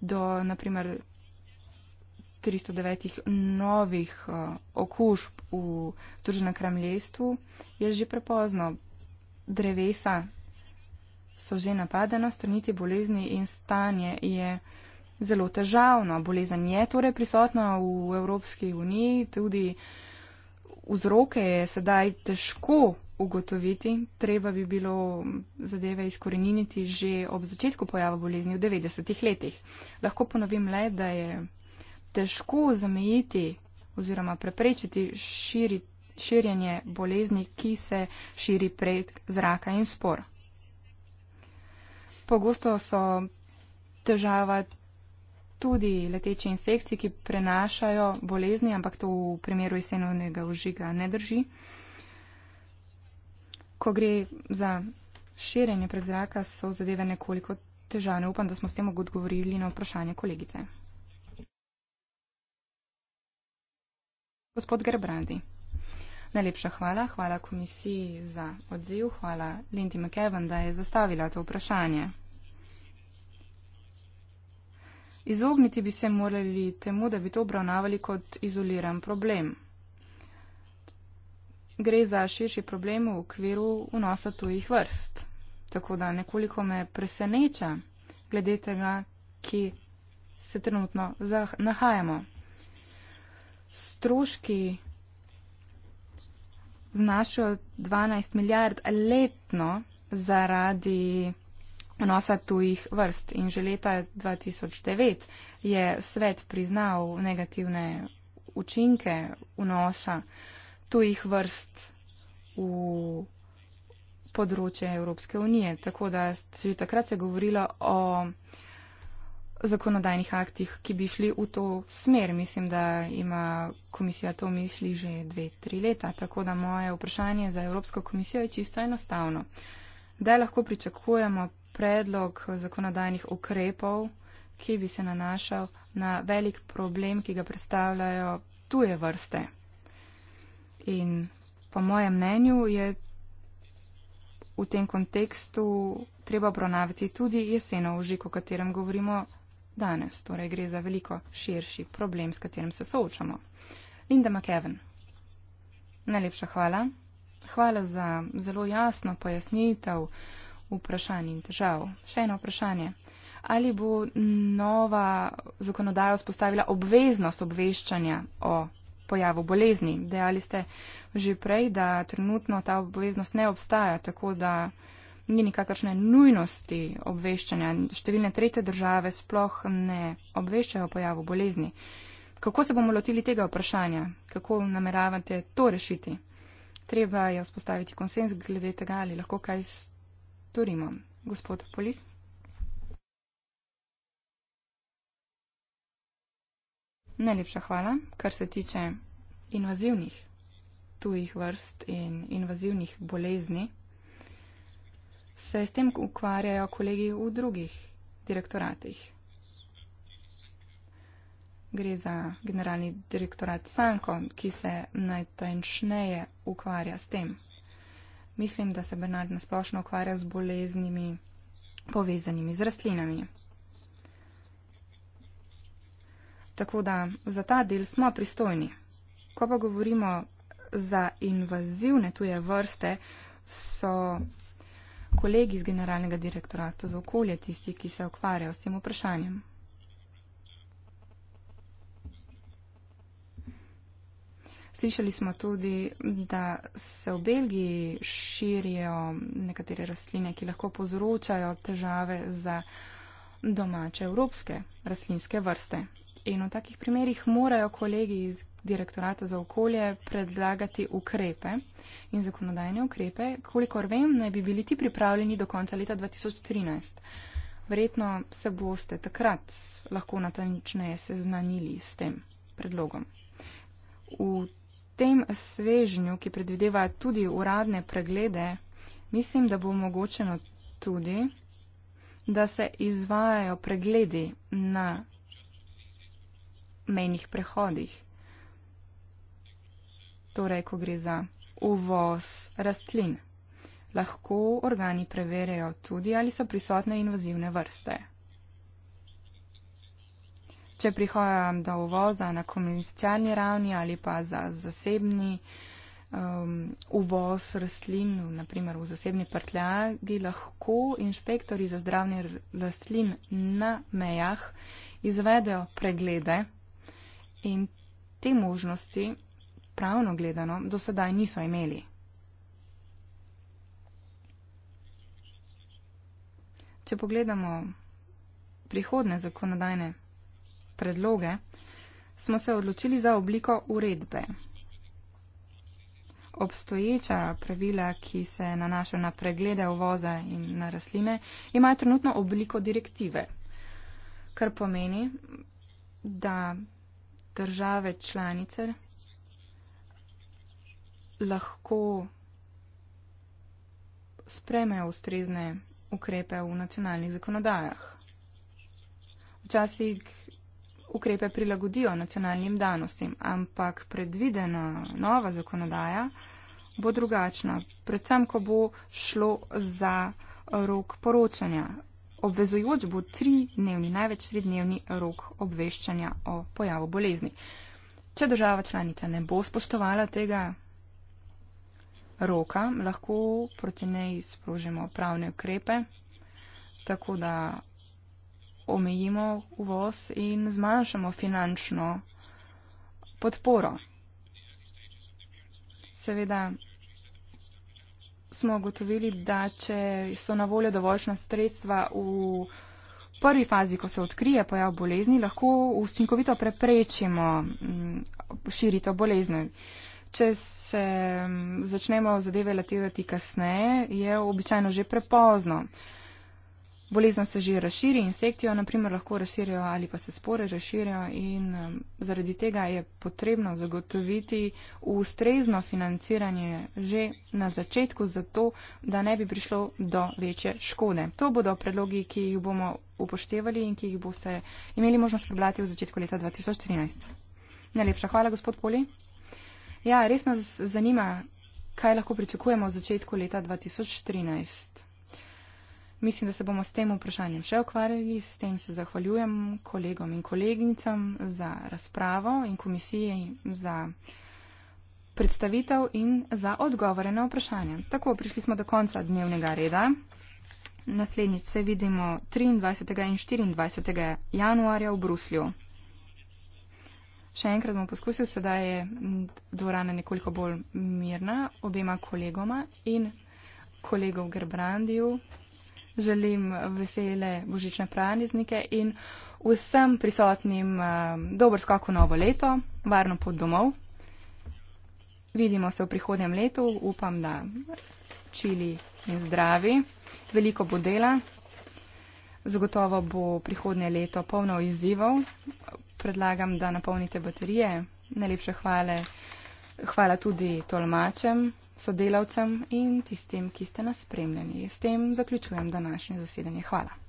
do, naprimer, 309 novih uh, okužb v Združenem kremljestvu, je že prepozno. Drevesa so že napadena straniti bolezni in stanje je zelo težavno. Bolezen je torej prisotna v Evropski uniji, tudi vzroke je sedaj težko ugotoviti. Treba bi bilo zadeve izkoreniniti že ob začetku pojava bolezni v 90-ih letih. Lahko ponovim le, da je težko zamejiti oziroma preprečiti širi, širjenje bolezni, ki se širi prek zraka in spor. Pogosto so težava tudi leteči insekti, ki prenašajo bolezni, ampak to v primeru jesenovnega užiga ne drži. Ko gre za širjenje prek zraka, so zadeve nekoliko težave. Upam, da smo s tem odgovorili na vprašanje kolegice. gospod Gerbrandi. Najlepša hvala, hvala komisiji za odziv, hvala Lindy McEwan, da je zastavila to vprašanje. Izogniti bi se morali temu, da bi to obravnavali kot izoliran problem. Gre za širši problem v okviru vnosa tujih vrst. Tako da nekoliko me preseneča glede tega, ki se trenutno nahajamo stroški znašajo 12 milijard letno zaradi vnosa tujih vrst. In že leta 2009 je svet priznal negativne učinke vnosa tujih vrst v področje Evropske unije. Tako da že takrat se je govorilo o zakonodajnih aktih, ki bi šli v to smer. Mislim, da ima komisija to misli že dve, tri leta. Tako da moje vprašanje za Evropsko komisijo je čisto enostavno. Da lahko pričakujemo predlog zakonodajnih ukrepov, ki bi se nanašal na velik problem, ki ga predstavljajo tuje vrste. In po mojem mnenju je v tem kontekstu treba obravnaviti tudi jeseno užik, o katerem govorimo danes. Torej gre za veliko širši problem, s katerim se soočamo. Linda McKeven, najlepša hvala. Hvala za zelo jasno pojasnitev vprašanj in težav. Še eno vprašanje. Ali bo nova zakonodaja vzpostavila obveznost obveščanja o pojavu bolezni? Dejali ste že prej, da trenutno ta obveznost ne obstaja, tako da ni nikakršne nujnosti obveščanja. Številne trete države sploh ne obveščajo o pojavu bolezni. Kako se bomo lotili tega vprašanja? Kako nameravate to rešiti? Treba je vzpostaviti konsens glede tega, ali lahko kaj storimo. Gospod Polis. Najlepša hvala, kar se tiče invazivnih tujih vrst in invazivnih bolezni se s tem ukvarjajo kolegi v drugih direktoratih. Gre za generalni direktorat Sanko, ki se najtenšneje ukvarja s tem. Mislim, da se Bernard nasplošno ukvarja z boleznimi povezanimi z rastlinami. Tako da za ta del smo pristojni. Ko pa govorimo za invazivne tuje vrste, so kolegi iz Generalnega direktorata za okolje tisti, ki se ukvarjajo s tem vprašanjem? Slišali smo tudi, da se v Belgiji širijo nekatere rastline, ki lahko povzročajo težave za domače evropske rastlinske vrste. In v takih primerjih morajo kolegi iz direktorata za okolje predlagati ukrepe in zakonodajne ukrepe. Kolikor vem, naj bi bili ti pripravljeni do konca leta 2013. Verjetno se boste takrat lahko natančneje seznanili s tem predlogom. V tem svežnju, ki predvideva tudi uradne preglede, mislim, da bo omogočeno tudi, da se izvajajo pregledi na mejnih prehodih torej ko gre za uvoz rastlin, lahko organi preverjajo tudi, ali so prisotne invazivne vrste. Če prihajam do uvoza na komercialni ravni ali pa za zasebni um, uvoz rastlin, naprimer v zasebni prtljagi, lahko inšpektori za zdravni rastlin na mejah izvedejo preglede in te možnosti pravno gledano do sedaj niso imeli. Če pogledamo prihodne zakonodajne predloge, smo se odločili za obliko uredbe. Obstoječa pravila, ki se nanašajo na preglede uvoza in na rastline, imajo trenutno obliko direktive, kar pomeni, da države članice lahko spremejo ustrezne ukrepe v nacionalnih zakonodajah. Včasih ukrepe prilagodijo nacionalnim danostim, ampak predvidena nova zakonodaja bo drugačna, predvsem, ko bo šlo za rok poročanja. Obvezujoč bo tri dnevni, največ tri dnevni rok obveščanja o pojavu bolezni. Če država članica ne bo spoštovala tega, roka, lahko proti njej sprožimo pravne ukrepe, tako da omejimo uvoz in zmanjšamo finančno podporo. Seveda smo ugotovili, da če so na voljo dovoljšna sredstva v prvi fazi, ko se odkrije pojav bolezni, lahko učinkovito preprečimo mm, širitev bolezni če se začnemo zadeve letevati kasneje, je običajno že prepozno. Bolezen se že razširi, insekti jo naprimer lahko razširijo ali pa se spore razširijo in zaradi tega je potrebno zagotoviti ustrezno financiranje že na začetku, zato da ne bi prišlo do večje škode. To bodo predlogi, ki jih bomo upoštevali in ki jih boste imeli možnost prebrati v začetku leta 2013. Najlepša hvala, gospod Poli. Ja, res nas zanima, kaj lahko pričakujemo v začetku leta 2013. Mislim, da se bomo s tem vprašanjem še ukvarjali. S tem se zahvaljujem kolegom in kolegnicam za razpravo in komisiji za predstavitev in za odgovore na vprašanje. Tako, prišli smo do konca dnevnega reda. Naslednjič se vidimo 23. in 24. januarja v Bruslju. Še enkrat bom poskusil, sedaj je dvorana nekoliko bolj mirna. Obema kolegoma in kolegov Gerbrandiju želim vesele božične praznike in vsem prisotnim dober skok v novo leto, varno pot domov. Vidimo se v prihodnjem letu, upam, da čili in zdravi. Veliko bo dela, Zagotovo bo prihodnje leto polno izzivov. Predlagam, da napolnite baterije. Najlepše hvale. Hvala tudi tolmačem, sodelavcem in tistim, ki ste nas spremljeni. S tem zaključujem današnje zasedanje. Hvala.